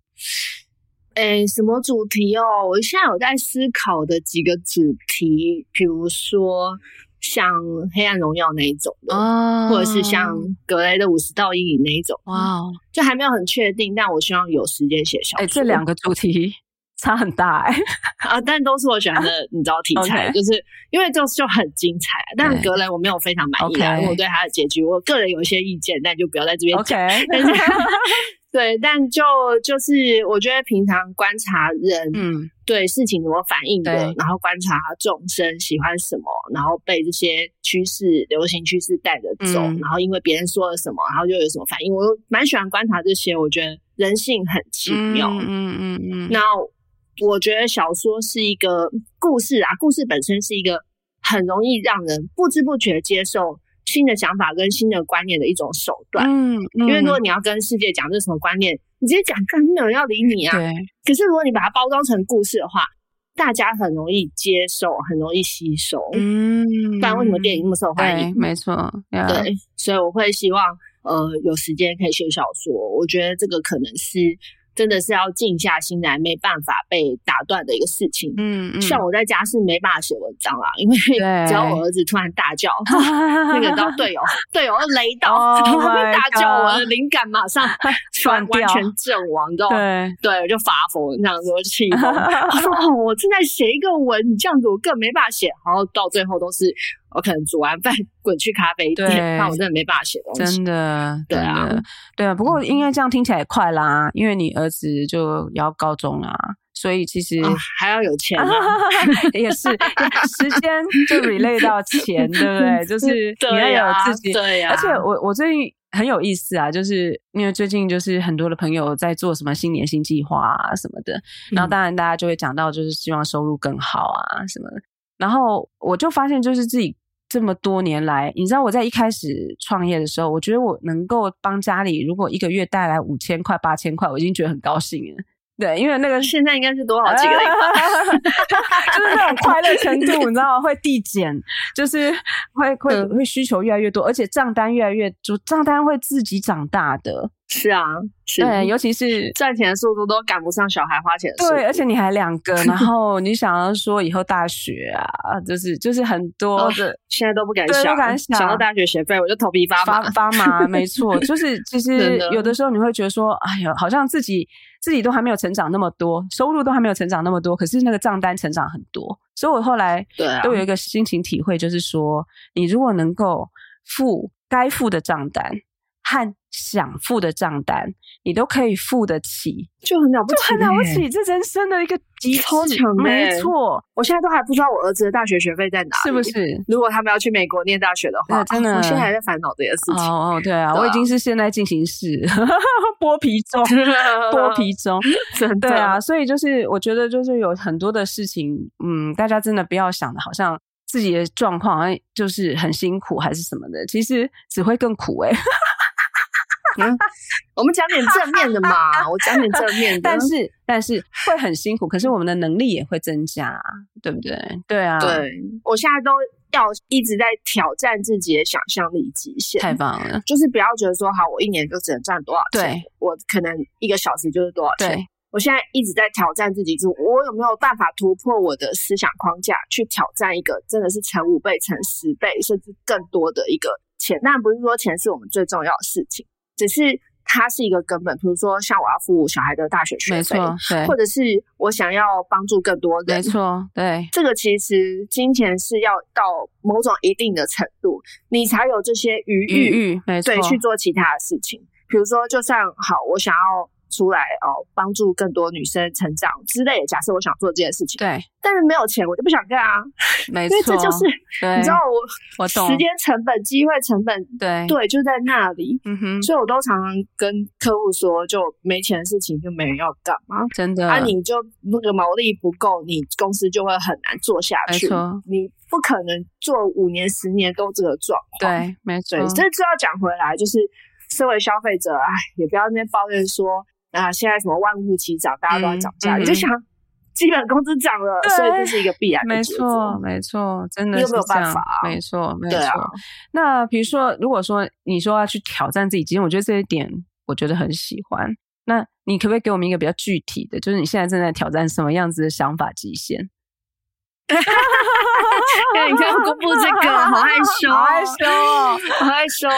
誒、欸，什麼主題哦？我現在有在思考的幾個主題，比如說像《黑暗榮耀》那一種的，啊、或者是像《格雷的五十道陰影》那一種，哇，就還沒有很確定，但我希望有時間寫小說。誒，這兩個主題。差很大哎、欸、 啊！但都是我喜歡的，你知道題材，Okay. 就是因為這種就很精彩。但格雷我沒有非常滿意，Okay. 因為我對他的結局，我個人有一些意見，但就不要在這邊講。Okay. 但是 對，但就就是我覺得平常觀察人，嗯，對事情怎麼反應的，嗯、然後觀察眾生喜歡什麼，然後被這些趨勢、流行趨勢帶着走，嗯、然後因為別人說了什麼，然後就有什麼反應。我又蠻喜歡觀察這些，我覺得人性很奇妙。嗯嗯嗯，那、嗯。嗯嗯然後我覺得小說是一個故事啊，故事本身是一個很容易讓人不知不覺接受新的想法跟新的觀念的一種手段。嗯，嗯，因為如果你要跟世界講這什麼觀念，你直接講，根本沒有人要理你啊。對。可是如果你把它包裝成故事的話，大家很容易接受，很容易吸收。嗯。不然為什麼電影那麼受歡迎？欸，沒錯。對。所以我會希望，呃，有時間可以寫小說。我覺得這個可能是。真的是要靜下心來，沒辦法被打斷的一個事情。嗯，嗯，像我在家是沒辦法寫文章啦、啊，因為只要我兒子突然大叫，對 那個叫隊友，隊 友雷到，他大、oh、my 叫，我的靈感馬上全完全陣亡，你知道嗎？ 對，我 就發瘋，這樣子我氣瘋， 他說哦，我正在寫一個文，你這樣子我更沒辦法寫，然後到最後都是。我可能煮完飯，滾去咖啡店，那對我真的沒辦法寫東西。真的，對啊對，對啊。不過，因為這樣聽起來也快啦，嗯、因為你兒子就要高中啦、啊，所以其實、哦、還要有錢、啊啊、也是 時間就 relate 到錢，對不 對？就是，是你要有自己，對呀、啊。對啊、而且我，我我最近很有意思啊，就是因為最近就是很多的朋友在做什麼新年新計劃啊什麼的，然後當然大家就會講到就是希望收入更好啊什麼的。嗯然後我就發現，就是自己這麼多年來，你知道我在一開始創業的時候，我覺得我能夠幫家裡，如果一個月帶來五千塊、八千塊，我已經覺得很高興了。對，因為那個現在應該是多少幾個？哈哈哈哈哈！就是那種快樂程度， 你知道會遞減，就是會會會需求越來越多，而且賬單越來越，就賬單會自己長大的。是啊，是，對，尤其是賺錢的速度都趕不上小孩花錢的速度。對，而且你還兩個， 然後你想要說以後大學啊，就是就是很多，哦，現在都不敢想，對，不敢想，想到大學學費我就頭皮發麻發發麻。沒錯， 就是其實有的時候你會覺得說，的哎呦，好像自己自己都還沒有成長那麼多，收入都還沒有成長那麼多，可是那個賬單成長很多。所以我後來對都有一個心情體會，啊、就是說，你如果能夠付該付的賬單。和想付的賬單你都可以付得起，就很了不起，就很了不起，欸、這人生的一個急超強，沒錯。欸、我現在都還不知道我兒子的大學學費在哪，是不是？如果他們要去美國念大學的話，真的、啊，我現在還在煩惱這件事情。哦、oh, oh, 對啊，對啊，我已經是現在進行式剝皮中，剝皮中，對啊，所以就是我覺得就是有很多的事情，嗯，大家真的不要想的好像自己的狀況就是很辛苦還是什麼的，其實只會更苦哎、欸。嗯、 我們講點正面的嘛， 我講點正面的，的。 但是但是會很辛苦，可是我們的能力也會增加、啊，對不對？對啊，對，我現在都要一直在挑戰自己的想象力極限，太棒了！就是不要覺得說，好，我一年就只能賺多少錢，對我可能一個小時就是多少錢。對我現在一直在挑戰自己，就我有沒有辦法突破我的思想框架，去挑戰一個真的是乘五倍、乘十倍，甚至更多的一個錢。但不是說錢是我們最重要的事情。只是它是一個根本，比如說像我要付小孩的大學學費，或者是我想要幫助更多人，沒錯，對，這個其實金錢是要到某種一定的程度，你才有這些餘裕，餘裕，對，去做其他的事情，比如說就算，就像好，我想要。出來哦，幫助更多女生成長之類，假設我想做這件事情，對，但是沒有錢，我就不想幹啊。沒錯錯，因為這就是對你知道我，我懂時間成本、機會成本，對對，就在那裡。嗯哼，所以我都常常跟客戶說，就沒錢的事情就沒人要幹嘛。真的啊，你就那個毛利不夠，你公司就會很難做下去。沒錯錯，你不可能做五年、十年都這個狀況。對，沒錯。所以這要講回來，就是身為消費者啊，哎，也不要那邊抱怨說。啊！現在什麼萬物齊漲，大家都在漲價，你就想基本工資漲了，所以這是一個必然的結果，沒錯。真的你有沒有辦法啊，沒錯，沒錯。那比如說，如果說你說要去挑戰自己極限，我覺得這一點我覺得很喜歡。那你可不可以給我們一個比較具體的，就是你現在正在挑戰什麼樣子的想法極限？哈哈哈哈哈！你要公布這個，好害羞，好害羞，好害羞，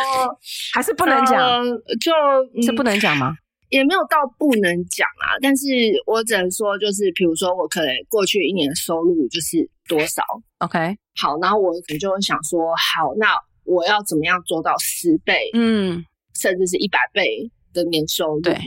還是不能講？就這不能講嗎？也沒有到不能講啊，但是我只能說，就是比如說，我可能過去一年收入就是多少，OK，好，然後我可能就會想說，好，那我要怎麼樣做到十倍，嗯，甚至是一百倍的年收入？對，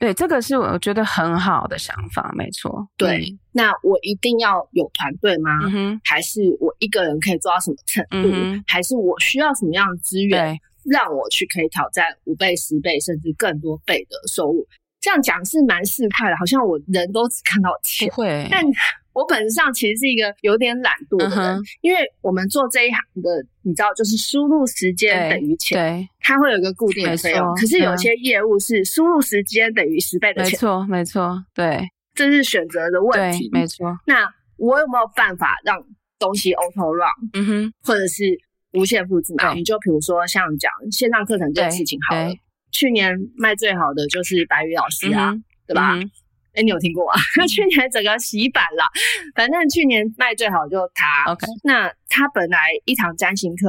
對，這個是我覺得很好的想法，沒錯。對，嗯、那我一定要有團隊嗎？嗯、哼還是我一個人可以做到什麼程度？嗯、哼還是我需要什麼樣的資源？對讓我去可以挑戰五倍、十倍甚至更多倍的收入，這樣講是蠻市儈的。好像我人都只看到錢，不會，但我本質上其實是一個有點懶惰的人，嗯哼，因為我們做這一行的，你知道，就是輸入時間等於錢，對，對，它會有一個固定的費用。沒錯，可是有些業務是輸入時間等於十倍的錢，沒錯，嗯，沒錯，對，這是選擇的問題，沒錯。那我有沒有辦法讓東西 auto run？嗯哼，或者是？無限複製、啊、你就比如說像講線上課程這件事情好了。去年賣最好的就是白宇老師啊，嗯、哼對吧？誒、嗯哼欸、你有聽過嗎、啊？ 去年整個洗版了。反正去年賣最好的就他。OK，那他本來一堂占星課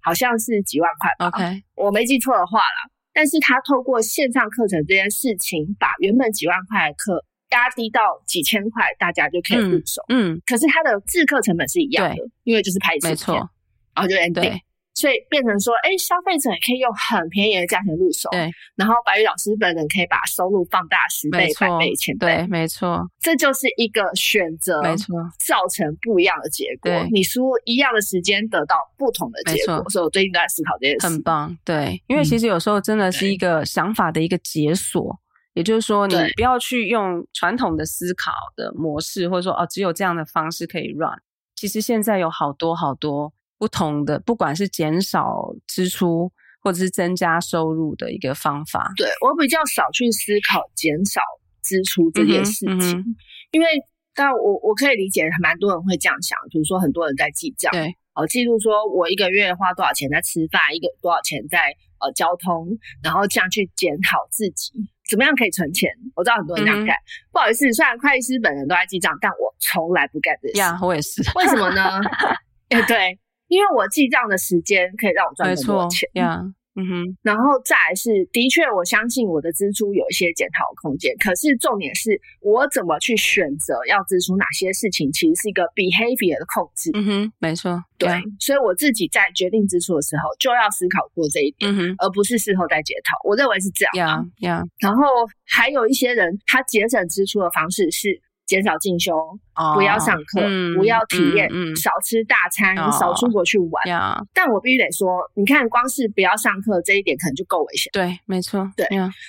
好像是幾萬塊吧？OK，我沒記錯的話啦。但是他透過線上課程這件事情，把原本幾萬塊的課壓低到幾千塊，大家就可以入手。嗯，嗯可是他的製課成本是一樣的，對因為就是拍一次片。沒哦，就 ending，所以變成說，哎，消費者也可以用很便宜的價錢入手，對。然後白玉老師本人可以把收入放大十倍、百倍、千倍，對，沒錯。這就是一個選擇，沒錯，造成不一樣的結果。你輸一樣的時間，得到不同的結果。所以我最近都在思考這件事，很棒，對。因為其實有時候真的是一個想法的一個解鎖，也就是說，你不要去用傳統的思考的模式，或者說哦，只有這樣的方式可以 run。其實現在有好多好多。不同的，不管是減少支出或者是增加收入的一個方法，對。我比較少去思考減少支出這件事情，嗯嗯、因為但我我可以理解蠻多人會這樣想，比如說很多人在記賬，對，哦，記錄說我一個月花多少錢在吃飯，一個多少錢在呃交通，然後這樣去檢討自己怎麼樣可以存錢。我知道很多人這樣幹，嗯、不好意思，雖然會計師本人都在記賬，但我從來不幹這事呀，我也是，為什麼呢？ 對。因為我記賬的時間可以讓我賺更多錢呀，嗯哼，沒錯，然後再來是，的確，我相信我的支出有一些檢討的空間，可是重點是我怎麼去選擇要支出哪些事情，其實是一個 behavior 的控制，嗯哼，沒錯，對，沒錯，所以我自己在決定支出的時候就要思考過這一點，嗯哼，沒錯，而不是事後再檢討，我認為是這樣，呀呀，然後還有一些人，他節省支出的方式是。減少進修，不要上課，不要體驗，少吃大餐，少出國去玩。但我必須得說，你看，光是不要上課這一點，可能就夠危險。對，沒錯。對，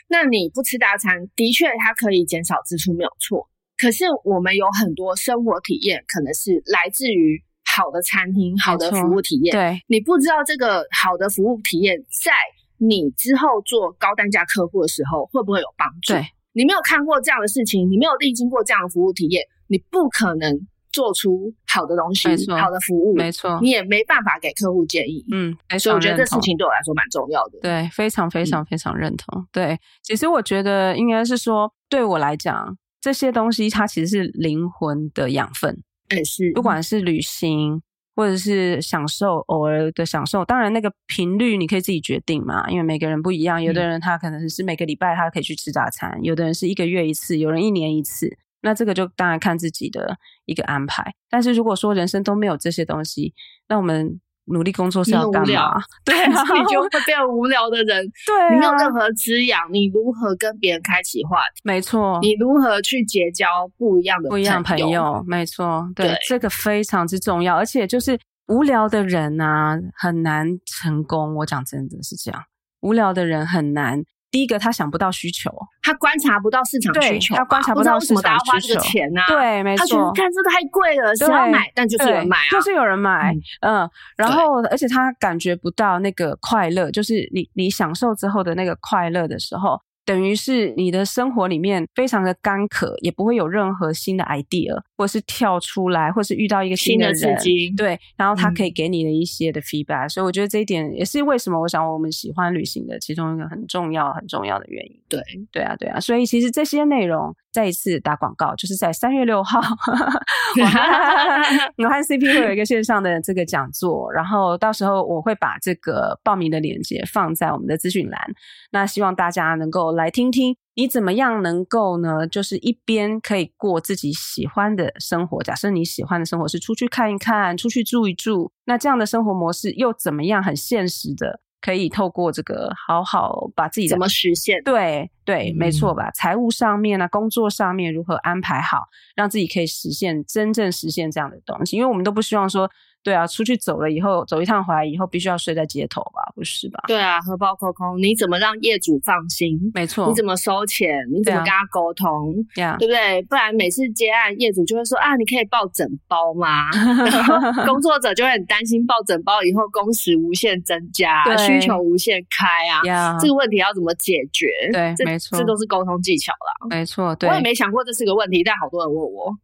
那你不吃大餐，的確它可以減少支出，沒有錯。可是我們有很多生活體驗，可能是來自於好的餐廳、好的服務體驗。對，你不知道這個好的服務體驗，在你之後做高單價客戶的時候，會不會有幫助？對。你沒有看過這樣的事情，你沒有歷經過這樣的服務體驗，你不可能做出好的東西，沒錯，好的服務，沒錯，你也沒辦法給客戶建議。嗯，所以我覺得這事情對我來說蠻重要的。對，非常非常非常認同。嗯、對，其實我覺得應該是說，對我來講，這些東西它其實是靈魂的養分。對、嗯。是，不管是旅行。或者是享受偶爾的享受，當然那個頻率你可以自己決定嘛，因為每個人不一樣。嗯、有的人他可能是每個禮拜他可以去吃大餐，有的人是一個月一次，有人一年一次。那這個就當然看自己的一個安排。但是如果說人生都沒有這些東西，那我們。努力工作是要幹嘛？對啊，你就會變無聊的人。 對啊，沒有任何滋養，你如何跟別人開啟話題？沒錯，你如何去結交不一樣的朋友，不一樣朋友？沒錯，對，對，這個非常之重要。而且就是無聊的人啊，很難成功。我講真的是這樣，無聊的人很難。第一個，他想不到需求，他觀察不到市場需求，他觀察不到市場需什麼花這個錢、啊、對，沒錯，他覺得看這個太貴了，對想要買，但就是有人買、啊、就是有人買。嗯，嗯，然後，對而且他感覺不到那個快樂，就是你你享受之後的那個快樂的時候。等於是你的生活裡面非常的乾渴，也不會有任何新的 idea，或是跳出來，或是遇到一個新的刺激。新的刺激。對，然後他可以給你的一些的 feedback，嗯。所以我覺得這一點也是為什麼我想我們喜歡旅行的其中一個很重要很重要的原因。對，對啊，對啊，所以其實這些內容。再一次打廣告，就是在三月六號，我 和 CP 會有一個線上的這個講座，然後到時候我會把這個報名的鏈接放在我們的資訊欄，那希望大家能夠來聽聽，你怎麼樣能夠呢？就是一邊可以過自己喜歡的生活，假設你喜歡的生活是出去看一看，出去住一住，那這樣的生活模式又怎麼樣？很現實的。可以透過這個好好把自己怎麼實現？對對，沒錯吧？嗯，財務上面呢，啊，工作上面如何安排好，讓自己可以實現真正實現這樣的東西，因為我們都不希望說。對啊，出去走了以後，走一趟回來以後，必須要睡在街頭吧？不是吧？對啊，荷包空空，你怎麼讓業主放心？沒錯，你怎麼收錢？你怎麼跟他溝通？對啊、對不對？不然每次接案，業主就會說啊，你可以報整包嗎？ 工作者就會很擔心，報整包以後工時無限增加，對需求無限開啊，呀這個問題要怎麼解決？對，沒錯，這，這都是溝通技巧了。沒錯，對。我也沒想過這是個問題，但好多人問我。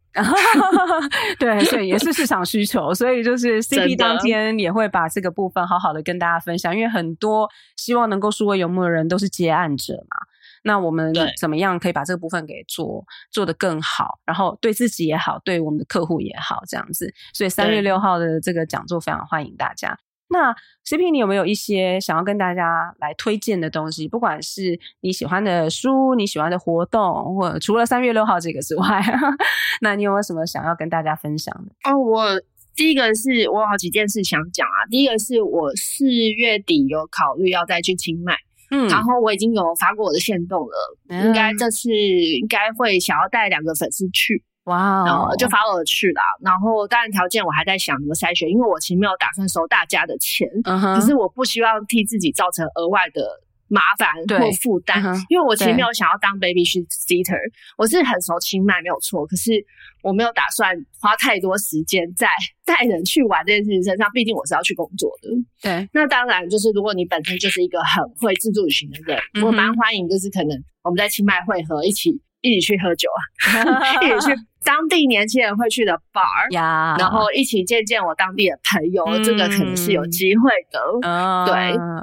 對 對，也是市場需求， 所以就是 CP 當天也會把這個部分好好的跟大家分享，的因為很多希望能夠數位游牧的人都是接案者嘛。那我們怎麼樣可以把這個部分給做做得更好，然後對自己也好，對我們的客戶也好，這樣子。所以三月六號的這個講座非常歡迎大家。那 CP，你有沒有一些想要跟大家來推薦的東西？不管是你喜歡的書、你喜歡的活動，或除了三月六號這個之外， 那你有沒有什麼想要跟大家分享的？哦，我第一個是我有好幾件事想講啊。第一個是我四月底有考慮要再去清邁，嗯，然後我已經有發過我的限動了，嗯、應該這次應該會想要帶兩個粉絲去。哇，哦，Wow. 就發我去啦。然後當然條件我還在想怎麼篩選，因為我其實沒有打算收大家的錢，可、uh huh. 是我不希望替自己造成額外的麻煩或負擔，uh huh. 因為我其實沒有想要當 baby sitter。Ater, uh huh. 我是很熟清邁沒有錯，可是我沒有打算花太多時間在帶人去玩這件事情身上，畢竟我是要去工作的。對、uh，huh. 那當然就是如果你本身就是一個很會自助旅行的人，我蠻歡迎就是可能我們在清邁會合一起。一起去喝酒啊！一起去當地年輕人會去的 bar，然後一起見見我當地的朋友，這個可能是有機會的。對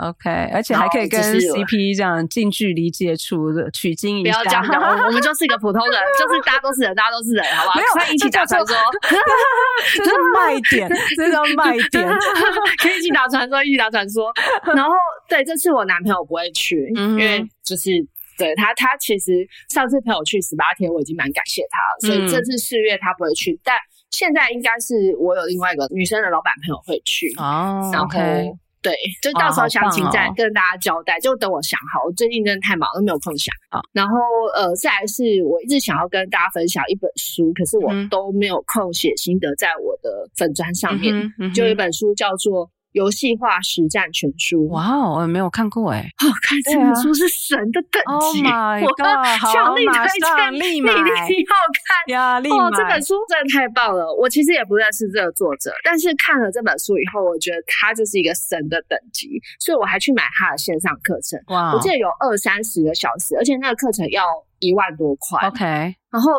，OK，而且還可以跟 CP 這樣近距離接觸，的，取經一下。不要講，我們就是一個普通人，就是大家都是人，大家都是人，好吧？可以一起打傳說，這是賣點，這是賣點，可以一起打傳說，一起打傳說。然後，對，這次我男朋友不會去，因為就是。對，他，他其實上次陪我去十八天，我已經蠻感謝他了。所以這次四月他不會去，嗯、但現在應該是我有另外一個女生的老闆朋友會去。哦，OK，對，就到時候詳情再跟大家交代，哦哦、就等我想好。我最近真的太忙，都沒有空想。哦、然後，呃，再來是我一直想要跟大家分享一本書，可是我都沒有空寫心得在我的粉專上面，嗯嗯嗯、就有一本書叫做。遊戲化實戰全書，哇哦，我也沒有看過哎。哦，oh, 這本書是神的等級，oh, God, 我的獎勵太給力，你一定要看。哦，oh, 這本書真的太棒了，我其實也不認識這個作者，但是看了這本書以後，我覺得他就是一個神的等級，所以我還去買他的線上課程。哇，Wow. 我記得有二三十個小時，而且那個課程要一萬多塊。OK，然後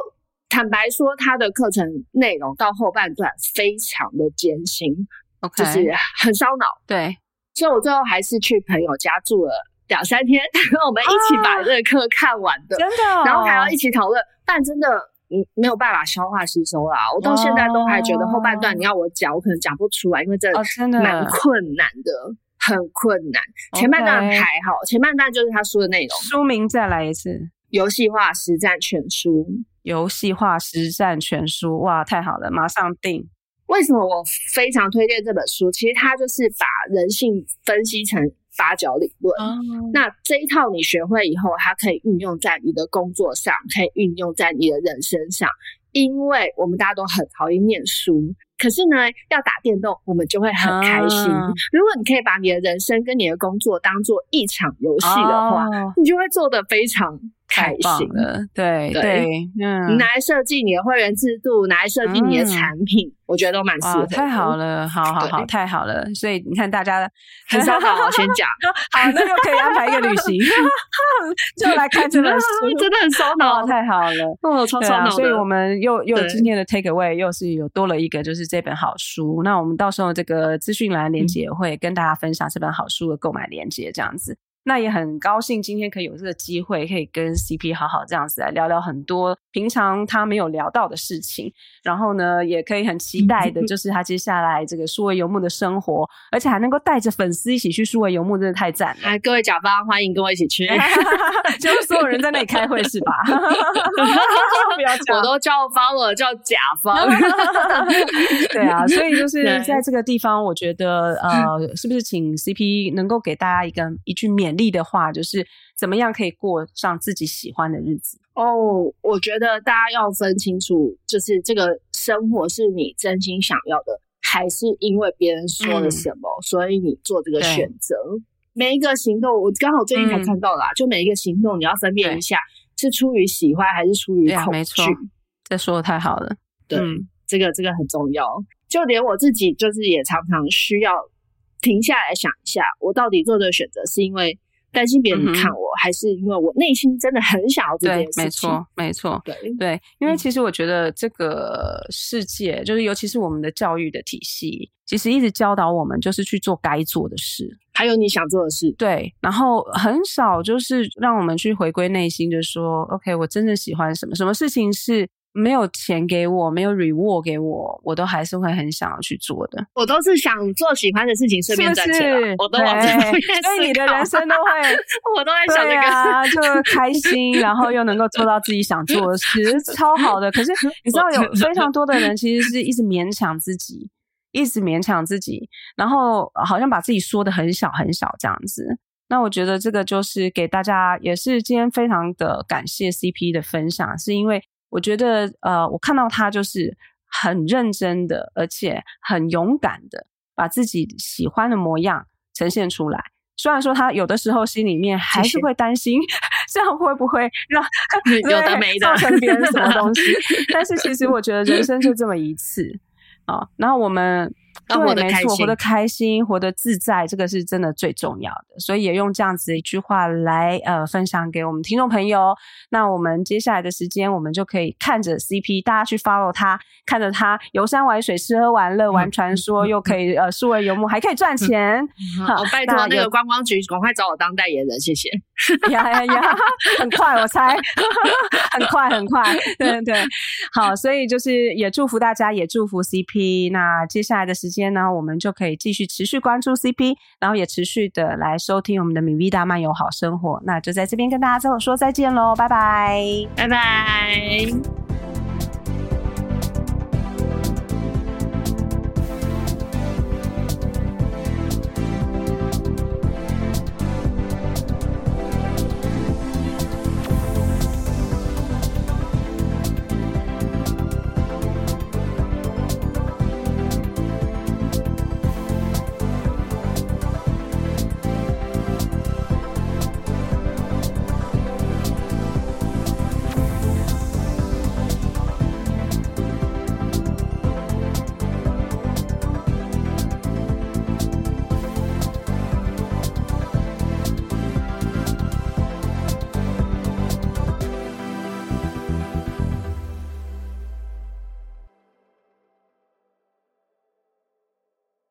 坦白說，他的課程內容到後半段非常的艱辛。Okay, 就是很燒腦，對，所以我最後還是去朋友家住了兩三天，然 後我們一起把這個課看完的，哦、真的、哦，然後還要一起討論，但真的，嗯，沒有辦法消化吸收啦。我到現在都還覺得後半段你要我講，我可能講不出來，因為這真的蠻困難的，很困難。哦、前半段還好，前半段就是他說的內容。書名再來一次，《遊戲化實戰全書》。遊戲化實戰全書，哇，太好了，馬上訂。為什麼我非常推薦這本書？其實它就是把人性分析成八角理論。Oh. 那這一套你學會以後，它可以運用在你的工作上，可以運用在你的人生上。因為我們大家都很討厭唸書，可是呢，要打電動，我們就會很開心。Oh. 如果你可以把你的人生跟你的工作當做一場遊戲的話，oh. 你就會做得非常。太棒了，對對，嗯，拿來設計你的會員制度，拿來設計你的產品，我覺得都蠻適合。太好了，好好好，太好了。所以你看，大家，好先講，好，那就可以安排一個旅行，就來看這本書，真的很燒腦，太好了，哦，超燒腦，所以我們又又今天的 take away 又是有多了一個，就是這本好書。那我們到時候這個資訊欄鏈接會跟大家分享這本好書的購買鏈接，這樣子。那也很高興，今天可以有這個機會，可以跟 CP 好好這樣子來聊聊很多平常他沒有聊到的事情。然後呢，也可以很期待的就是他接下來這個數位游牧的生活， 而且還能夠帶着粉絲一起去數位游牧，真的太讚了！來，各位甲方，歡迎跟我一起去， 就所有人在那裡開會是吧？哈哈哈不要我都叫方了，叫甲方。 對啊，所以就是在這個地方，我覺得對呃，是不是請 CP 能夠給大家一個一句勉。力的話，就是怎麼樣可以過上自己喜歡的日子哦。Oh, 我覺得大家要分清楚，就是這個生活是你真心想要的，還是因為別人說了什麼，嗯、所以你做這個選擇。對每一個行動，我剛好最近才看到啦，嗯、就每一個行動，你要分辨一下對是出於喜歡還是出於恐懼、啊。這說的太好了，對，嗯、這個這個很重要。就連我自己，就是也常常需要停下來想一下，我到底做這個選擇是因為，擔心別人看我、嗯、哼還是因為我內心真的很想要這件事情。沒錯，沒錯。對對對，因為其實我覺得這個世界，嗯、就是尤其是我們的教育的體系，其實一直教導我們就是去做該做的事，還有你想做的事。對，然後很少就是讓我們去回歸內心，就說：“OK，我真的喜歡什麼？什麼事情是？”沒有錢給我，沒有 reward 給我，我都還是會很想要去做的。我都是想做喜歡的事情，順便賺錢。就是、我都往這邊、欸，所以你的人生都會， 我都在想這個、啊、就開心， 然後又能夠做到自己想做的事，其實超好的。可是你知道，有非常多的人其實是一直勉強自己，一直勉強自己，然後好像把自己縮得很小很小這樣子。那我覺得這個就是給大家，也是今天非常的感謝 CP 的分享，是因為。我覺得，呃，我看到他就是很認真的，而且很勇敢的，把自己喜歡的模樣呈現出來。雖然說他有的時候心裡面還是會擔心，謝謝 這樣會不會讓有的造 成別人什麼東西？ 但是其實我覺得人生就這麼一次啊，哦。然後我們。的對，沒錯，活得開心，活得自在，這個是真的最重要的。所以也用這樣子一句話來呃分享給我們聽眾朋友。那我們接下來的時間，我們就可以看着 CP，大家去 follow 他，看着他遊山玩水、吃喝玩樂、嗯、玩傳說，嗯、又可以、嗯、呃數位游牧，嗯、還可以賺錢。好，拜託那個觀光局，趕有快找我當代言人，謝謝。呀呀呀！ yeah, yeah, yeah, 很快，我猜很，很快，很快，對對，好，所以就是也祝福大家，也祝福 CP。那接下來的時間呢，我們就可以繼續持續關注 CP，然後也持續的來收聽我們的 MiVida 漫遊好生活。那就在這邊跟大家說說再見嘍，拜拜，拜拜。